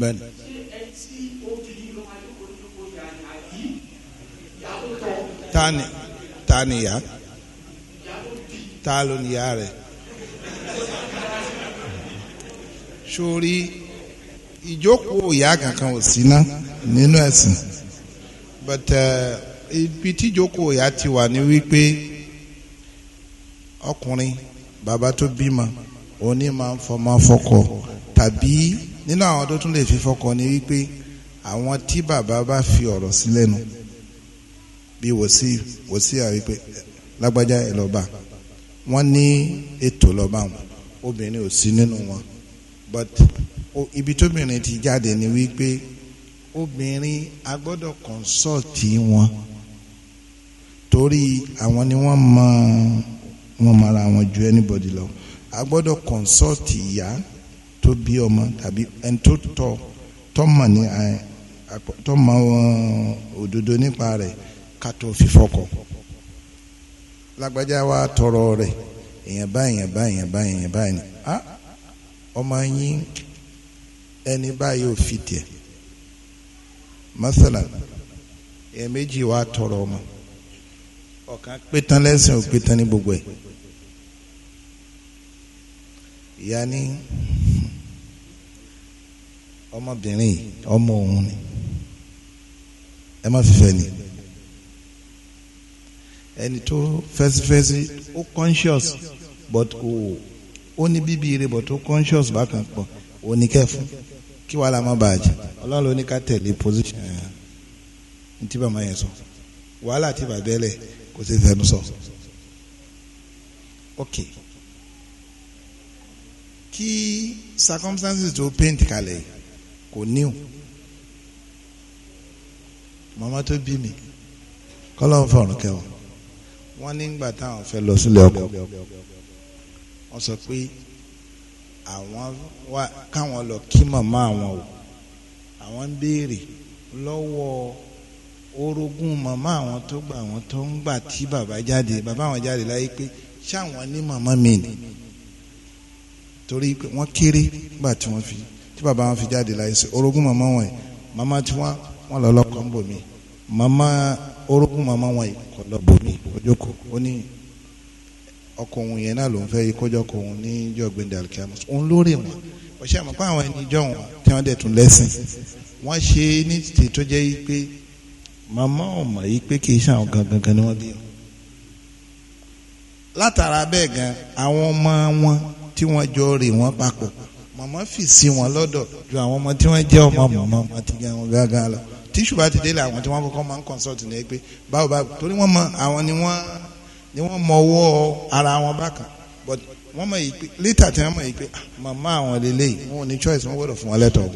bẹ́ẹ̀ni. tani tani ya ta ló ni ya rẹ sórí ìjókòó ìyá kankan ò sí ná nínú ẹ̀sìn but uh, ibi tí ìjókòó ìyá ti wà ní wípé ọkùnrin bàbá tó bímọ oni máa ń fọmọ fọkọ tàbí nínú àwọn tó tún lè fi fọkọ ni wípé àwọn tí bàbá bá fi ọ̀rọ̀ sí lẹ́nu bí wòsí wòsí àwípé lágbájá ẹ lọ́ba wọ́n ní ètò lọ́ba wọn obìnrin ò sí nínú wọn but ibi tóbìnrin ti jáde ni wípé obìnrin a gbọ́dọ̀ kọ́nsọ́ọ̀tì wọn torí àwọn ni wọ́n mọ wọn mara wọn ju anybody lọ a gbọ́dọ̀ kọ̀nsọ́ọ̀tì ìyá tó bí ọmọ tàbí ẹni tó tọ́ tọ́mọ̀ ní tọ́mọ̀ òdodo nípa rẹ̀ ká tó fi fọkọ. lágbájá wa tọrọ rẹ̀ èèyàn báyìí èèyàn báyìí èèyàn báyìí èèyàn báyìí ni ọmọ yín ẹni báyìí ò fi tiẹ̀ masala èèyàn méjì wa tọrọ ọmọ ọ̀kan pétan lẹ́sìn ò pétan ní gbogbo ẹ̀ ìyá ní ọmọbìnrin yìí ọmọ òun ni ẹ má fífẹ́ ni ẹni tó fẹsifẹsi ó conscious but kò ó ní bíbí ire but ó conscious bákan pọ̀ ó ní kẹfún kí wàhálà má bàa jẹ ọlọ́run ló ní ká tẹ̀lé position ẹ̀ ní tí bàmá yẹn sọ wàhálà tí bàbá ẹ̀ lẹ̀ kò sí fẹnu sọ. okay kí circumstances tó paint kalẹ̀ kò níw màmá tó bí mi kọ́lọ́n fọ̀rùn kẹwọ́ wọ́n nígbà táwọn fẹ́ lọ sílé ọkọ wọ́n sọ pé àwọn wá káwọn lọ kí màmá àwọn o àwọn ń béèrè lọ́wọ́ orogún màmá àwọn tó gbà wọ́n tó ń gbà tí bàbá jáde bàbá àwọn jáde láyé pé ṣáwọn ní màmá mi ni torí pé wọ́n kéré nígbà tí wọ́n fi tí bàbá wọn fi jáde láyé sí orogún màmá wọn yìí màmá tí wọ́n wọ́n lọ lọ́kọ̀ ń bò mí màmá orogún màmá wọn yìí kọ̀ lọ bò mí ojókòó ó ní ọkọ òun yẹn náà ló ń fẹ́ yí kọjọ́ kọ òun ní jọ̀gbìn dàlkíámọ́sì òun lórí wọn ọ̀ṣẹ́ àmọ́ pé àwọn ẹni jọ wọn tí wọ́n dẹ̀ tún lẹ́sìn wọ́n ṣe ní tètè tó jẹ́ yí pé màmá ọ̀mọ̀ yí pé kì í ṣe àwọn gangan ni wọ́n bí wọn látara bẹ́ẹ̀ gan àwọn ọmọ wọn tí wọ́n jọ rè wọ́n papọ̀ màmá fi sí wọn lọ́dọ̀ ju àwọn ọmọ tí wọ́n jẹ́ ọmọ màmá wọn ti gan wọn gángan lọ tíṣù bá ti délé àwọn tí wọ́n kọ́kọ́ máa ń consult ní pé báwo báwo torí wọ́n mọ àwọn ni wọ́n ni wọ́n mọ ọwọ́ ara wọn bákan but wọ́n mọ̀ yìí pé later tí wọ́n mọ̀ yìí pé ah, màmá àwọn lélẹ́yìí wọn ò ní choice wọ́n gbọ́dọ̀ fún wọn lẹ́tọ̀ọ́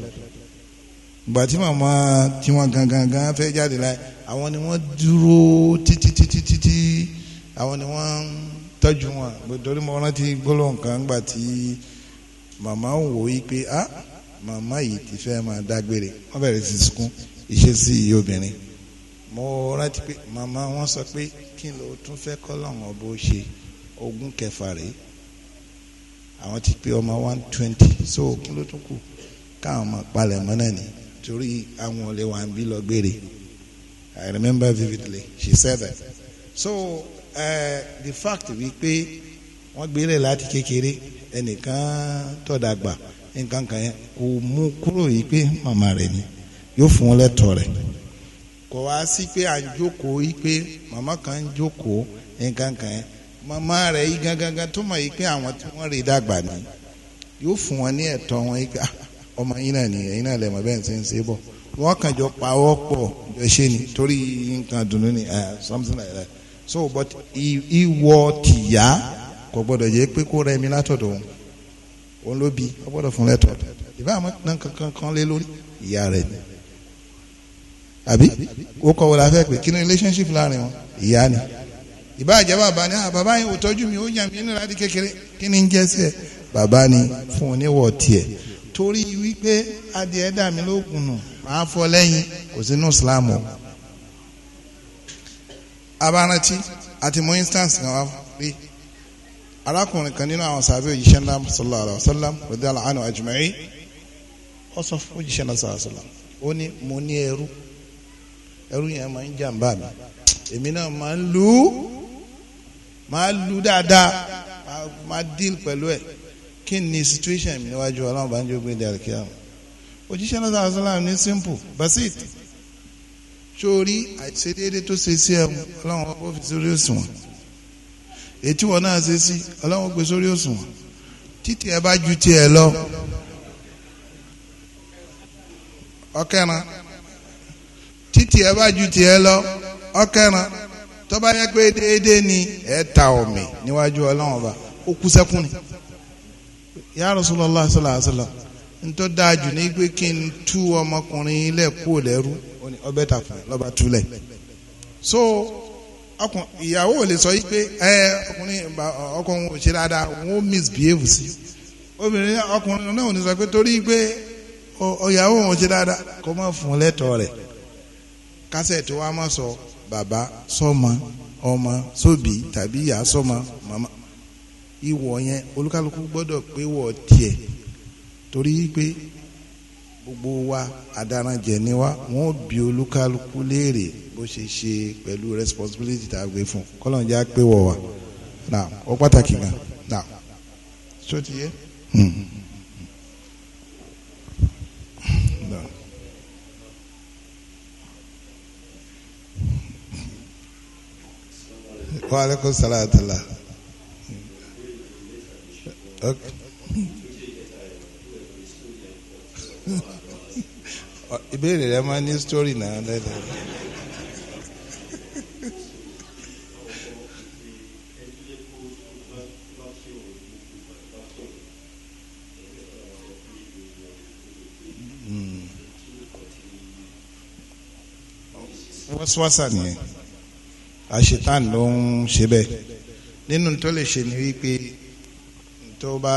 ìgbà tí màmá tí wọ́n gangan gan fẹ́ jáde láì àwọn ni wọ́n dúró títí títí títí àwọn ni wọ́n tọ́jú wọn torí mo rántí gbólóhùn kan gbà tí màmá ń wò yí pé ah màmá yìí ti fẹ́ máa dágbére wọ́n bẹ̀rẹ̀ sí sunkún ìṣesí yìí obìnrin mo rántí pé màmá wọn sọ pé kí ló tún fẹ́ kọ́lọ́hún ọba ó ṣe ogún kẹfà rèé àwọn ti pé ọmọ one twenty so kí ló tún kù káwọn ọmọ palẹ̀ mọ́ náà ni torí àwọn ọ̀lẹ́ ń bí lọ gbére I remember vividly she said that so uh, the fact wípé wọ́n gbélé láti kékeré ẹnìkan tọ́dàgbà nǹkan kan yẹn kò mú kúrò yìí pé màmá rẹ̀ ni yóò fún un lẹ́tọ̀ọ́ rẹ̀ kò wá sí pé à ń jókòó yìí pé màmá kan ń jókòó nǹkan kan yẹn màmá rẹ̀ yìí gangan tó mọ̀ yìí pé àwọn tí wọ́n rí dàgbà ni yóò fún wọn ní ẹ̀tọ́ wọn yìí pé ah, ọmọ yín náà nìyẹn yín náà lẹ̀ mọ̀ bẹ́ẹ̀ ń ṣe ń ṣe bọ̀ wọ́n kàn jọ pawọ́ pọ̀ jọ ṣe ni torí nǹkan dùnú ni eh, something like that so but ìwọ tìyá kò gbọdọ̀ yẹ pé kó rẹ mi látọ̀dọ̀ òun òun ló bi ọ gbọdọ̀ fún lẹ́tọ̀ ìbá àwọn náà kankan kan lé lórí ìyá rẹ ni àbí ó kọ̀ wọlé afẹ́ pé kí ni relationship láàrin wọn ìyá ni ìbá àjẹ́ bàbá ni ah, bàbá yẹn ò tọ́jú mi ó yàn mí nínú láti kékeré kí ni ń jẹ́ sí ẹ bàbá ni fún oníwọ̀ tiẹ̀ torí wípé adìẹ dà mí lókun nù máa fọ lẹ́yìn kò sínú Islam o abarantí àti mọ instance kan wá pé arákùnrin kan nínú àwọn sàbẹ̀ òjíṣẹ́ ńlá sallallahu alaihi wasallam radiyallahu anhu ajma'in ó sọ fún òjíṣẹ́ ńlá sallallahu alaihi wasallam ó ní mo ní ẹrú ẹrú yẹn máa ń jàǹbá mi èmi náà máa ń lù ú máa lù ú dáadáa máa deal pẹ̀lú ẹ̀ kí ni situation mi níwájú ọlọ́run bá ń jó gbé dàrí kí á mọ̀ òjíṣẹ́ ńlá sallallahu alaihi wasallam ní simple basit sórí àìṣedéédé tó ṣe sí ẹmu ọlọ́run ọkọ fi sórí òṣùwọ̀n ètí wọn náà ṣe sí ọlọ́run gbé sórí òṣùwọ̀n títí ẹ bá ju tiẹ̀ lọ ọkẹran títí ẹ bá ju tiẹ̀ lọ ọkẹran tó yẹ pé déédéé ni ẹ ta omi níwájú ọlọ́run ọba ó kú sẹ́kùn ni ya Rasulullah sallallahu alaihi wasallam ntọ́ dáa jù ní pé kí n tú ọmọkùnrin ilẹ̀ kú lẹ́rú. ọbẹ̀ ta fún lọ́ba túlẹ̀ so ọkùn ìyàwó ò lè sọ yìí pé ẹ eh, ọkùnrin ọkùnrin ò ṣe dáadáa òun ó misbehave sí obìnrin ọkùnrin náà ò ní sọ pé torí pé ìyàwó ò ṣe dáadáa kó má fún lẹ́tọ̀ọ́ rẹ̀ kásẹ̀ tó má sọ bàbá sọmọ ọmọ sóbì tàbí ìyá sọmọ màmá ìwọ yẹn torí pé gbogbo wa adarajẹ ni wa wọn ò bi olúkálukú léèrè bó ṣe ṣe pẹ̀lú responsibility tá a gbé fún kọ́lọ́n jẹ́ pé wọ̀ wá náà ó pàtàkì gan náà ṣó ti yé. Hmm. wa aleykum salaam wa rahmatulah. ìbéèrè rẹ máa ní story náà lẹ́nu. Hmm. wọ́sọ́sà nìyẹn àṣetán ló ń ṣe bẹ́ẹ̀ nínú tó lè ṣe ni wípé tó bá.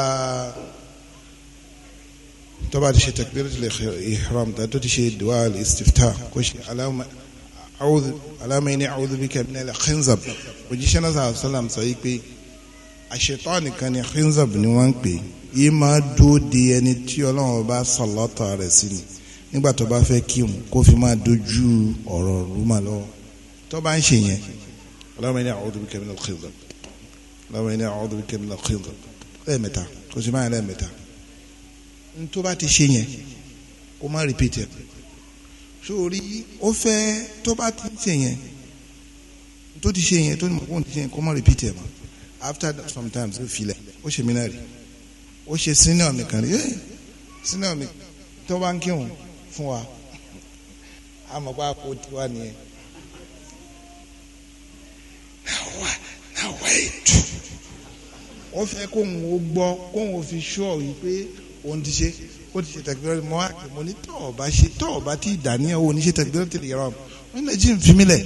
tó bá ti ṣe takbiratul ihram ta tó ti ṣe du'a al-istiftah kó ṣe alama awudu alama yìí ni awudu bika min al-khinzab òjíṣẹ́ náà sàlám sàlám sọ yìí pé àṣetọ́ nìkan ni khinzab ni wọ́n ń pè yìí máa dúó de ẹni tí ọlọ́run bá sàlọ́tọ̀ rẹ̀ sí ni nígbà tó bá fẹ́ kírun kó fi máa dojú ọ̀rọ̀ rúmà lọ́wọ́ tó ń ṣe yẹn alama yìí ni awudu bika min alama yìí ni awudu bika min al kò sí máa lẹ́ẹ̀mẹ́ta n tó bá ti ṣe yẹn kó má repeat ẹ̀ sórí ó fẹ́ tó bá ti ṣe yẹn tó ti ṣe yẹn tó ní mọ̀ kó ti ṣe yẹn kó má repeat ẹ̀ mọ́ after that sometimes ó filẹ̀ ó ṣe mí náà rí ó ṣe senior mi kan rí ẹ́ senior mi tó bá ń kírun fún wa a mọ̀ pé àpò tiwa nìyẹn. now wait now wait ó fẹ́ kóun ó gbọ́ kóun ó fi ṣọ́ọ̀ yìí pé òun ti ṣe ó ti ṣe tẹkibirọ mọ àpè mo ní tọ́ ọba ṣe tọ́ ọba tí ìdàníyàn òun ní ṣe tẹkibirọ tẹlẹ yẹra ọmọ wọn ní jí nfin mi lẹ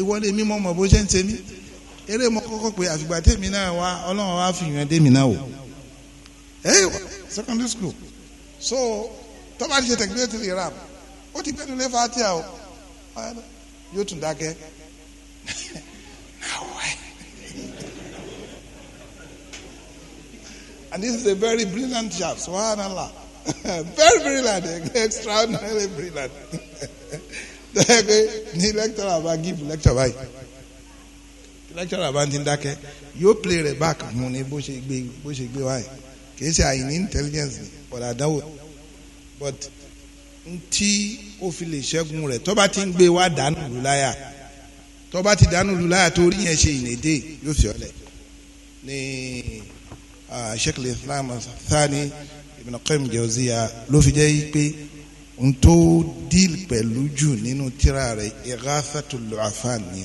ìwọlé mi mọ ọmọ bó ṣe ń ṣe mí eré mọ kọ́kọ́ pé àfìgbà tèmi náà wá ọlọ́run wá fi yàn démi náà o ẹ̀yìn wa secondary school so tọ́ba ti ṣe tẹkibirọ tẹlẹ yẹra ọmọ ó ti gbẹ́nu lẹ́fà á tẹ̀ yóò tún dákẹ́ And this is a very brilliant chap, subhanAllah. [LAUGHS] very brilliant, extraordinarily brilliant. tó [LAUGHS] yẹ pé lecturer bá give lecture báyìí lecturer bá ti ń dákẹ́ yóò play rẹ̀ back mu ni bó ṣe gbé bó ṣe gbé wáyé kìí ṣe àyìn ní intelligence ni but àdánwò but ntí ó fi lè ṣẹ́gun rẹ̀ tó bá ti ń gbé wá dànù lù láyà tó bá ti dànù lù láyà tó rí yẹn ṣe ìnédè yóò fi ọlẹ̀ ní sheikh islam thani ibn qayyim jawziya ló fi jẹ́ pé n tó díìl pẹ̀lú jù nínú tírà rẹ̀ ighathatul lu'afan ni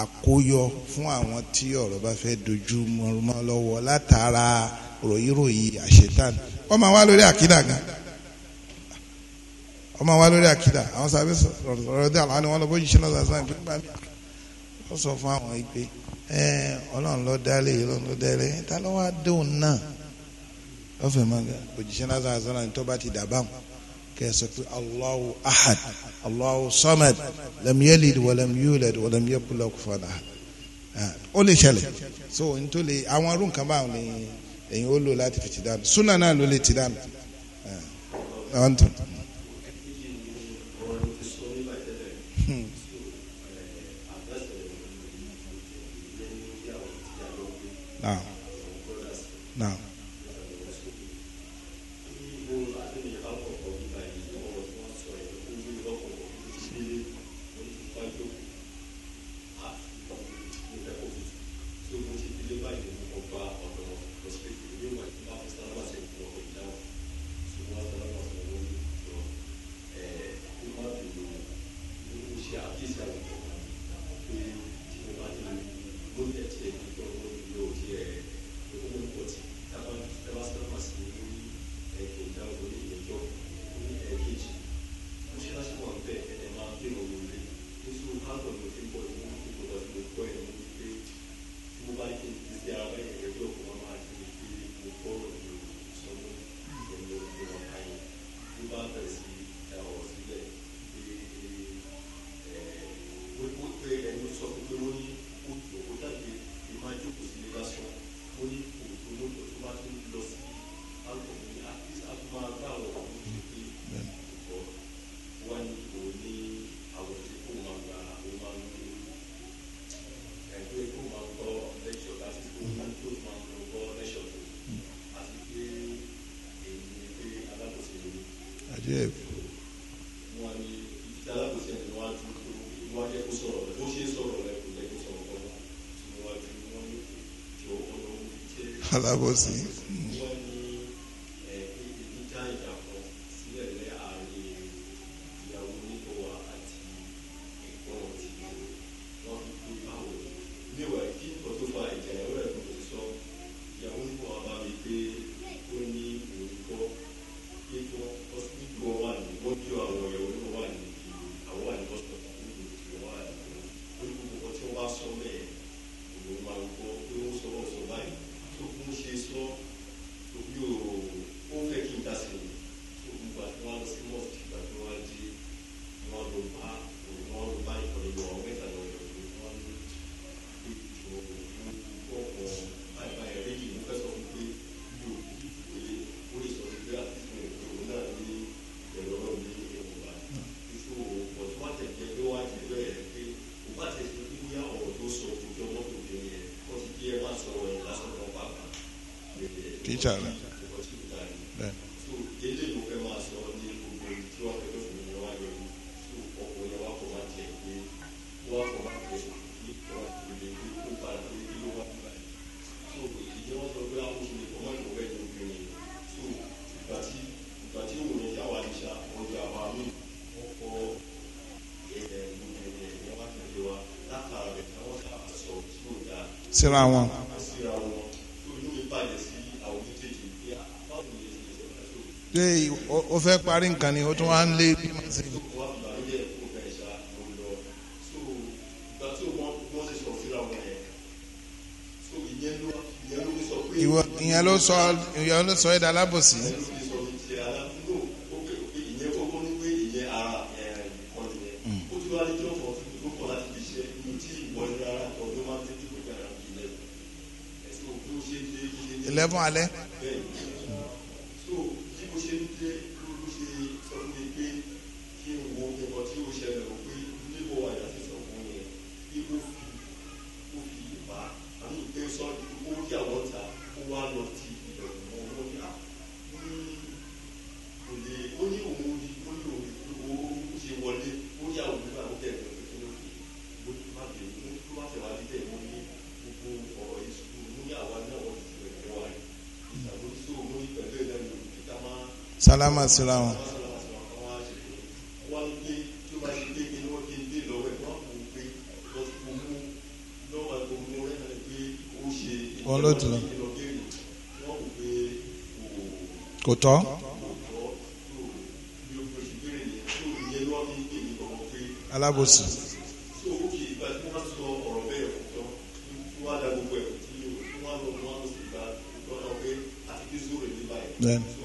àkóyọ fún àwọn tí ọ̀rọ̀ bá fẹ́ dojú mọ́rúmọ́ lọ́wọ́ látara ròyìnròyìn àṣetán wọ́n máa wá lórí àkídà gan wọ́n máa wá lórí àkídà àwọn sábẹ́ sọ̀rọ̀ dé àlọ́ ni wọ́n lọ bójú ṣe náà sàn pé wọ́n sọ fún àwọn ìpè ẹ ọlọ́run ló dálé ọlọ́run ló dálé ta ló wá dóun náà lọ́fẹ̀ẹ́ máa gbé òjíṣẹ́ náà sọ̀rọ̀ sọ̀rọ̀ ní tó bá ti dà báwọn kẹ́ ẹ sọ pé Allahu ahad Allahu samad lam yalid wa lam yulad wa lam yakul lahu kufuwan ahad ó lè ṣẹlẹ̀ so n tó lè àwọn arú nǹkan báwọn ni èyí ó lò láti fi ti dànù súnà náà ló lè ti dànù. Now. Now. falava assim. teacher rẹ̀. wọn. ó fẹ́ parí nǹkan ni ó tún wá ń lé bí wọ́n ṣe. ìyẹn ló sọ ẹ̀dá alábòsí. Salama síra wọn. wọn ló tún kò tọ́. alábòsí. bẹ́ẹ̀ni.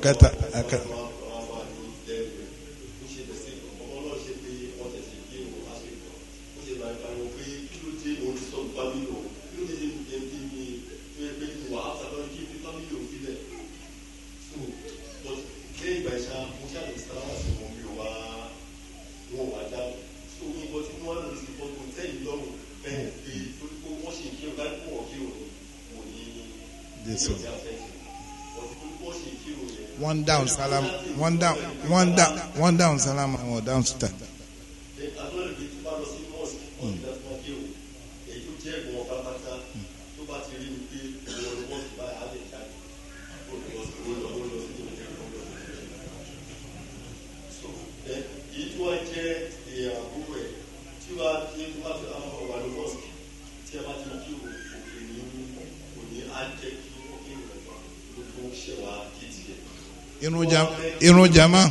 akata akata. salam, one down, one down, one down, salam, one down, stand. irun jama.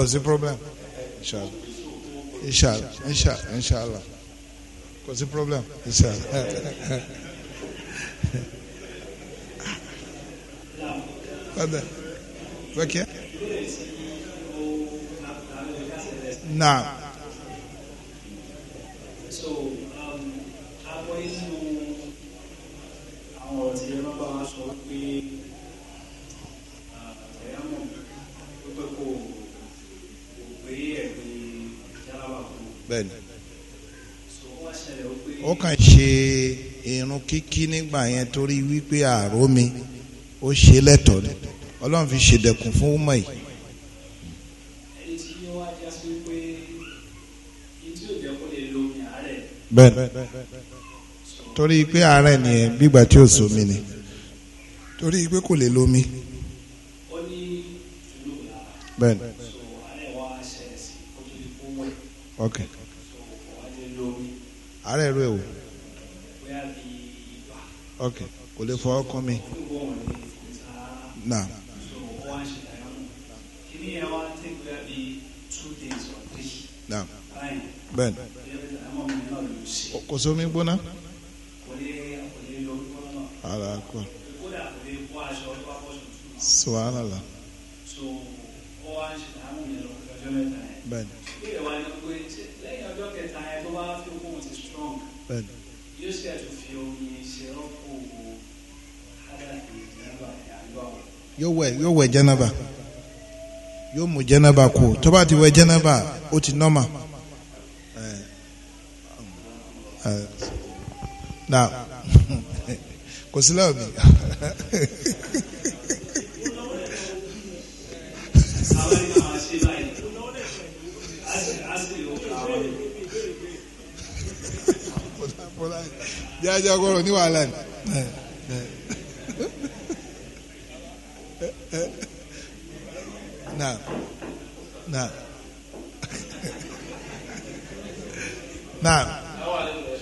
Kò sí problem. Inshallah. Inshallah. Inshallah. Inshallah. Kò sí problem. Inshallah. Padà. [LAUGHS] Bẹ́ẹ̀ é? kí ẹ. É é? Naam. kíkí nígbà yẹn torí wípé àrò mi ó ṣe lẹ́tọ̀ọ́ ni ọlọ́run fi ṣèdẹ̀kùn fún ọmọ yìí. bẹ́ẹ̀ torí pé àárẹ̀ nìyẹn gbígbà tí ò sómi ni torí pé kò lè lómi. bẹ́ẹ̀ ok àárẹ̀ rẹ̀ o ok kò lè fọwọ́ kún mi. bẹ́ẹ̀ni kò sómi gbóná. ala kọ. subahana la. bẹ́ẹ̀ni. Ben yóò sì àti fi omi ṣe rọ́pò hádàbí ìjábà ìyàgbà wọn. yóò wẹ̀ yóò wẹ̀ jẹ́nàbà yóò mú jẹ́nàbà kú tó ti wẹ̀ jẹ́nàbà ó ti nọ́mà. now [LAUGHS] kò sí lọ́wọ́ mi. àwọn ènìyàn. jájá gbọ́dọ̀ ní wàhálà ni. naam naam naam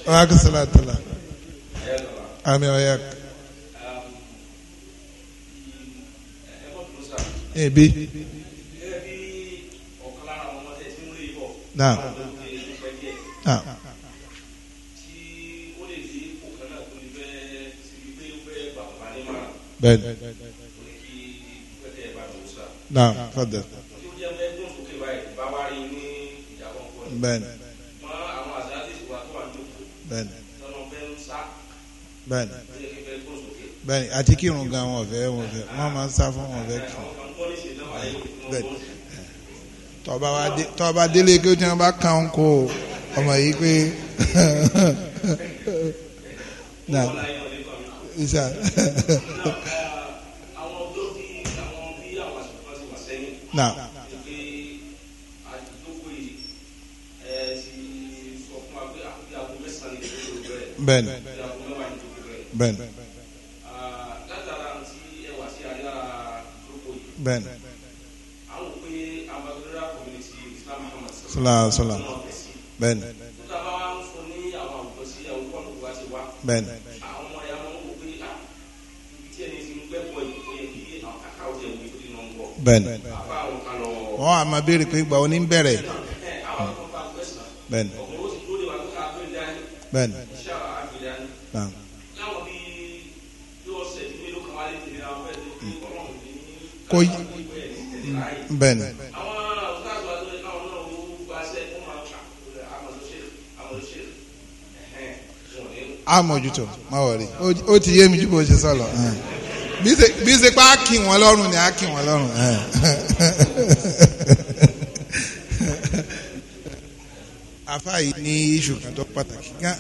wa akasalaatala ami ọ̀yà. ebi. naam naam. bẹ́ẹ̀ni. na fada. bẹ́ẹ̀ni. bẹ́ẹ̀ni. bẹ́ẹ̀ni. bẹ́ẹ̀ni àti kírun gan wọn fẹ́ wọn fẹ́ wọn máa ń sá fún wọn fẹ́ kírun. bẹ́ẹ̀ni tọba délé kí o tí wọn bá kàn kó ọmọ [LAUGHS] ìsà. àwọn tó bí àwọn bí àwọn àṣùkọ́ wà sẹ́yìn. náà. pé àdókò yìí ẹ ti sọ fún wa pé àkókò àgbo mẹ́sàn-án ni ìdókò bẹ̀rẹ̀. bẹ́ẹ̀ni àgbo mẹ́wàá ni ìdókò bẹ̀rẹ̀. bẹ́ẹ̀ni. látara ti ẹwà sí àyà àdókò yìí. bẹ́ẹ̀ni. àwọn pé abagidora community Islam Muhammad. sọlá sọlá bẹ́ẹ̀ni. bẹ́ẹ̀ni. bẹ́ẹ̀ni. bẹ́ẹ̀ni wọ́n a máa béèrè pé ìgbà wo ń bẹ̀rẹ̀ bẹ́ẹ̀ni bẹ́ẹ̀ni mi bí ṣe pa á kì wọ́n lọ́rùn ni á kì wọ́n lọ́rùn. afa [LAUGHS] yìí ní iṣu kan tó pàtàkì gan.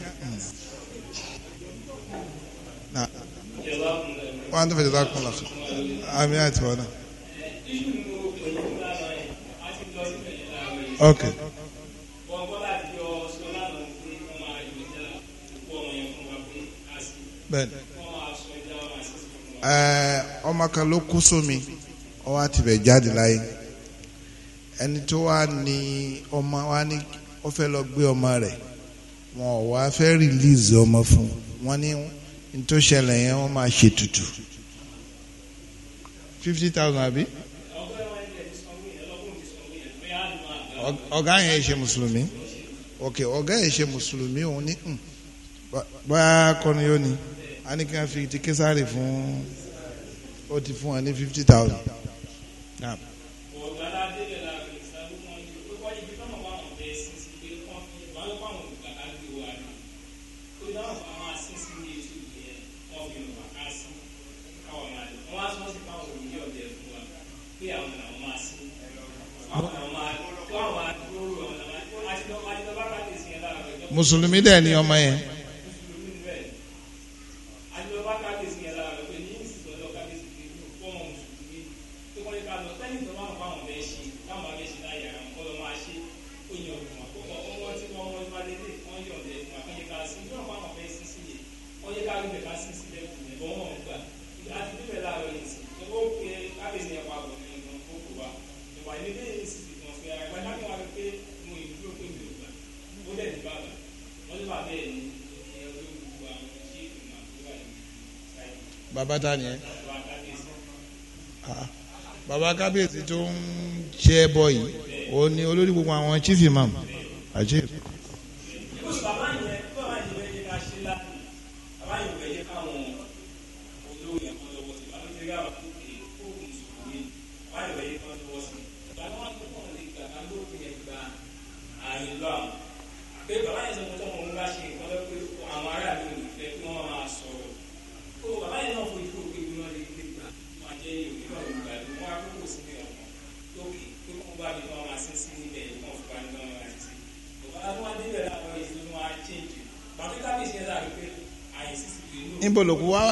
wọ́n á tún fẹ̀jọ̀ dákun lọ sùn àmì àti wọn náà. okay ọmọ kan ló kú sómi ó wá tibẹ̀ jáde láyé ẹni tó wá ní ọmọ wá ní ó lọ gbé ọmọ rẹ̀ wọn ò wá fẹ́ rìlíìsì ọmọ fún wọn ní nítòsẹ̀lẹ̀ yẹn wọ́n máa ṣètùtù fifty thousand àbí. ọ̀gá yẹn ṣe mùsùlùmí ok ọ̀gá yẹn ṣe mùsùlùmí òun ní hmm, bá a kọ́ni yóò ní a ní kí wọ́n fi ti késàrì fún ó ti fún wa ní fifty thousand. mùsùlùmí dẹ̀ ni ọmọ yẹn. bàbá ta nìyẹn ah, bàbá kábíyèsí tó ń jẹ́ bọ́ yìí òun ni olórí gbogbo àwọn chief imam.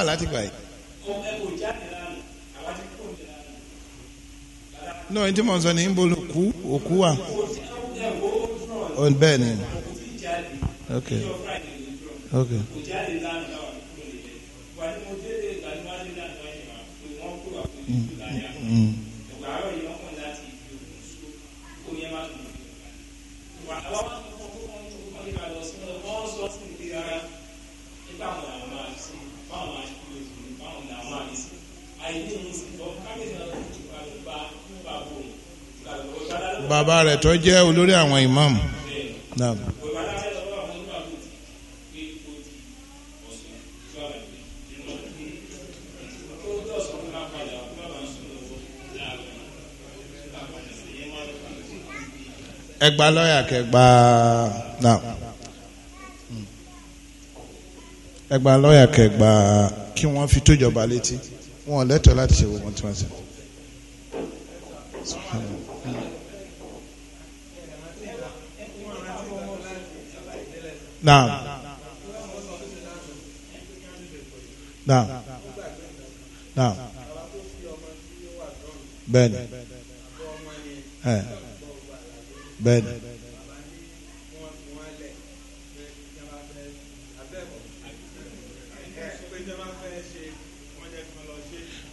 láti gbà yìí. náà ẹni tí mo sọ ní ń bolo kú òkú wa bẹ́ẹ̀ ni ok ok. okay. tó jẹ́ olórí àwọn ìmáàmù. ẹ gba lọ́ọ̀yà kẹ gba ẹ gba lọ́ọ̀yà kẹ gba kí wọ́n fi tójọba létí wọn ò lẹ́tọ̀ọ́ láti ṣe gbogbo tí wọ́n ṣe. naam naam naam bẹ́ẹ̀ni ẹ bẹ́ẹ̀ni.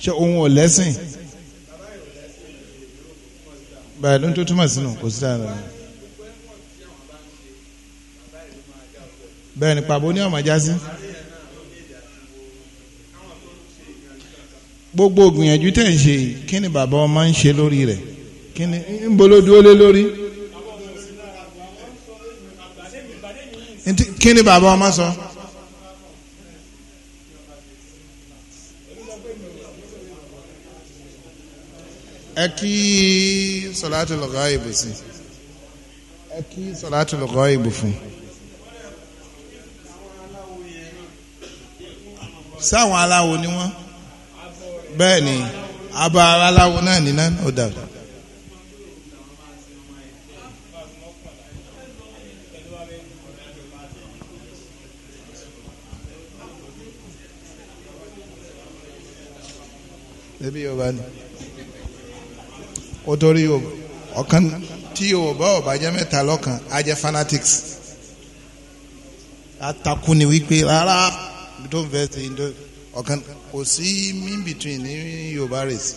ṣe òun ò lẹ́sìn bẹ́ẹ̀ ló ń tó túmọ̀ sínú kò sí dáadáa. bẹ́ẹ̀ ni pàbó ní ọmọ já sí. gbogbo ògbìyànjú tẹ̀ ń ṣe kí ni bàbá ọmọ ń ṣe lórí rẹ̀ kí ni ń bolo dúró lé lórí. kí ni bàbá ọmọ sọ. ẹ kí sọlá tó lọ́gọ́ ìbò sí ẹ kí sọlá tó lọ́gọ́ ìbò fún sáwọn aláwo ni wọ́n bẹ́ẹ̀ ni abọ́ aláwo náà ní náà ó dàbí. ebi yorùbá ni o torí yorùbá ọ̀kan tí yorùbá ọba jẹ́ mẹ́ta lọ́kan a fanatics atakuni wípé rárá tó ń fẹ́ ṣe ìdó ọ̀kan kò sí in between ní yorùbá rẹ̀ sí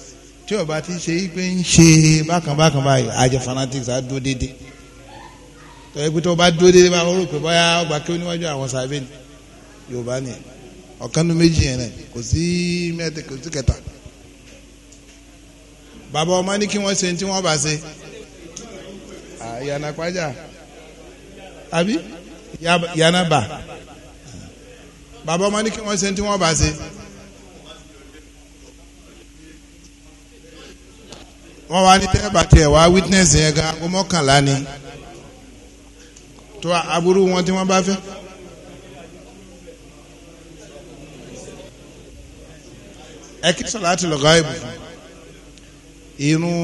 tí yorùbá ti ṣe pé ń ṣe bákan báyìí àjẹ fanatics á dúró déédéé tọ́yẹ pé tó bá dúró déédéé bá rò pé bóyá ọgbà kí oníwájú àwọn sàbẹ̀ ni yorùbá ni ọ̀kan nu méjì yẹn náà kò sí mẹ́ta kò sí kẹta bàbá ọmọ ní kí wọ́n ṣe tí wọ́n bá ṣe ah, yànnà pàjá àbí yànnà bà bàbá ọmọ ní kí wọ́n ṣe tí wọ́n bá ṣe. wọ́n wá ní tẹ́ẹ̀bà tiẹ̀ wá witness yẹn gan aago mọ́kànlá ni tó aburú wọn tí wọ́n bá fẹ́. ẹ kí sọláàtì lọ́gá ìbù irun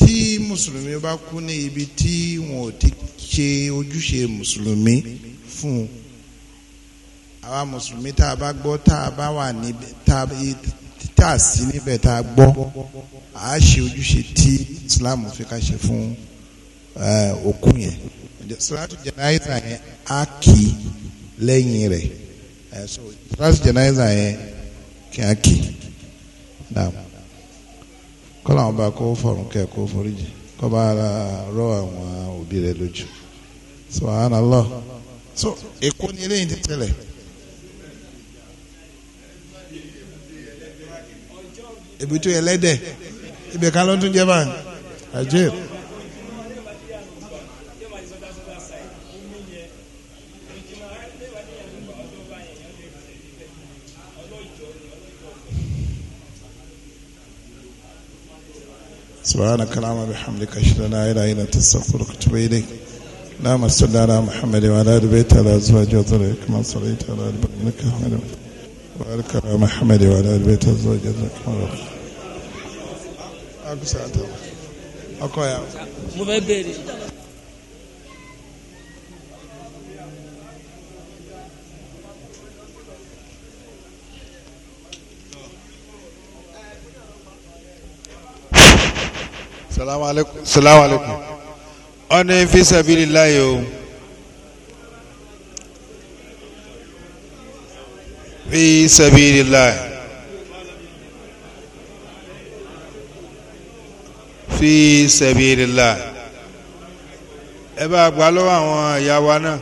tí mùsùlùmí bá kú ní ibi tí wọn ò ti ṣe ojúṣe mùsùlùmí fún un àwa mùsùlùmí tá a bá gbọ́ tá a bá wà níbẹ̀ tá a sí níbẹ̀ tá a gbọ́ a ṣe ojúṣe tí Islam fi ká ṣe fún òkú yẹn sọláàtù jẹnáìzà yẹn á kì í lẹ́yìn rẹ̀ sọláàtù jẹnáìzà yẹn kì á kì í kọ́lá àwọn bá kó fọ̀rùn kẹ́ kó foríjì kọ́ bá rọ àwọn òbí rẹ̀ lójú subhanallah so èkó ni eléyìí ti tẹ̀lẹ̀. èbúté ẹlẹ́dẹ̀ ibẹ̀ ká ló tún jẹ́ ban àjẹ́. سبحانك اللهم وبحمدك اشهد ان لا اله الا انت استغفرك واتوب اليك اللهم صل على محمد وعلى ال بيته الازواج وذريته كما صليت على ال بيته وعلى وعلى البيت الزوجة السلام عليكم السلام عليكم أنا في سبيل الله يوم fi sabilillah fi sabilillah ẹ bá gbà lọ́wọ́ àwọn ìyá wa náà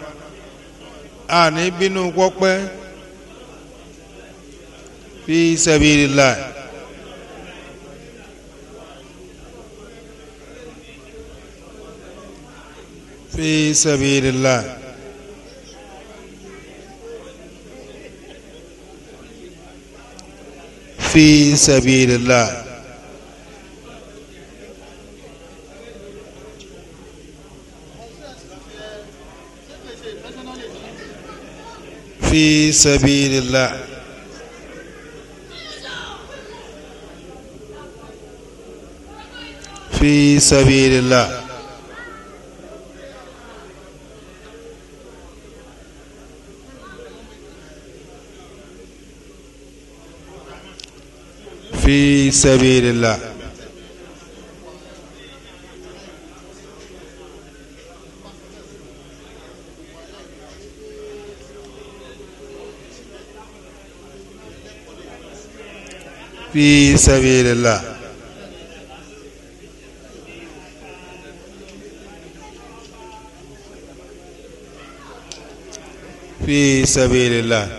àní bínú pọ́pẹ́ fi sabilillah. في سبيل الله في سبيل الله في سبيل الله في سبيل الله في سبيل الله في سبيل الله في سبيل الله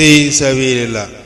في سبيل الله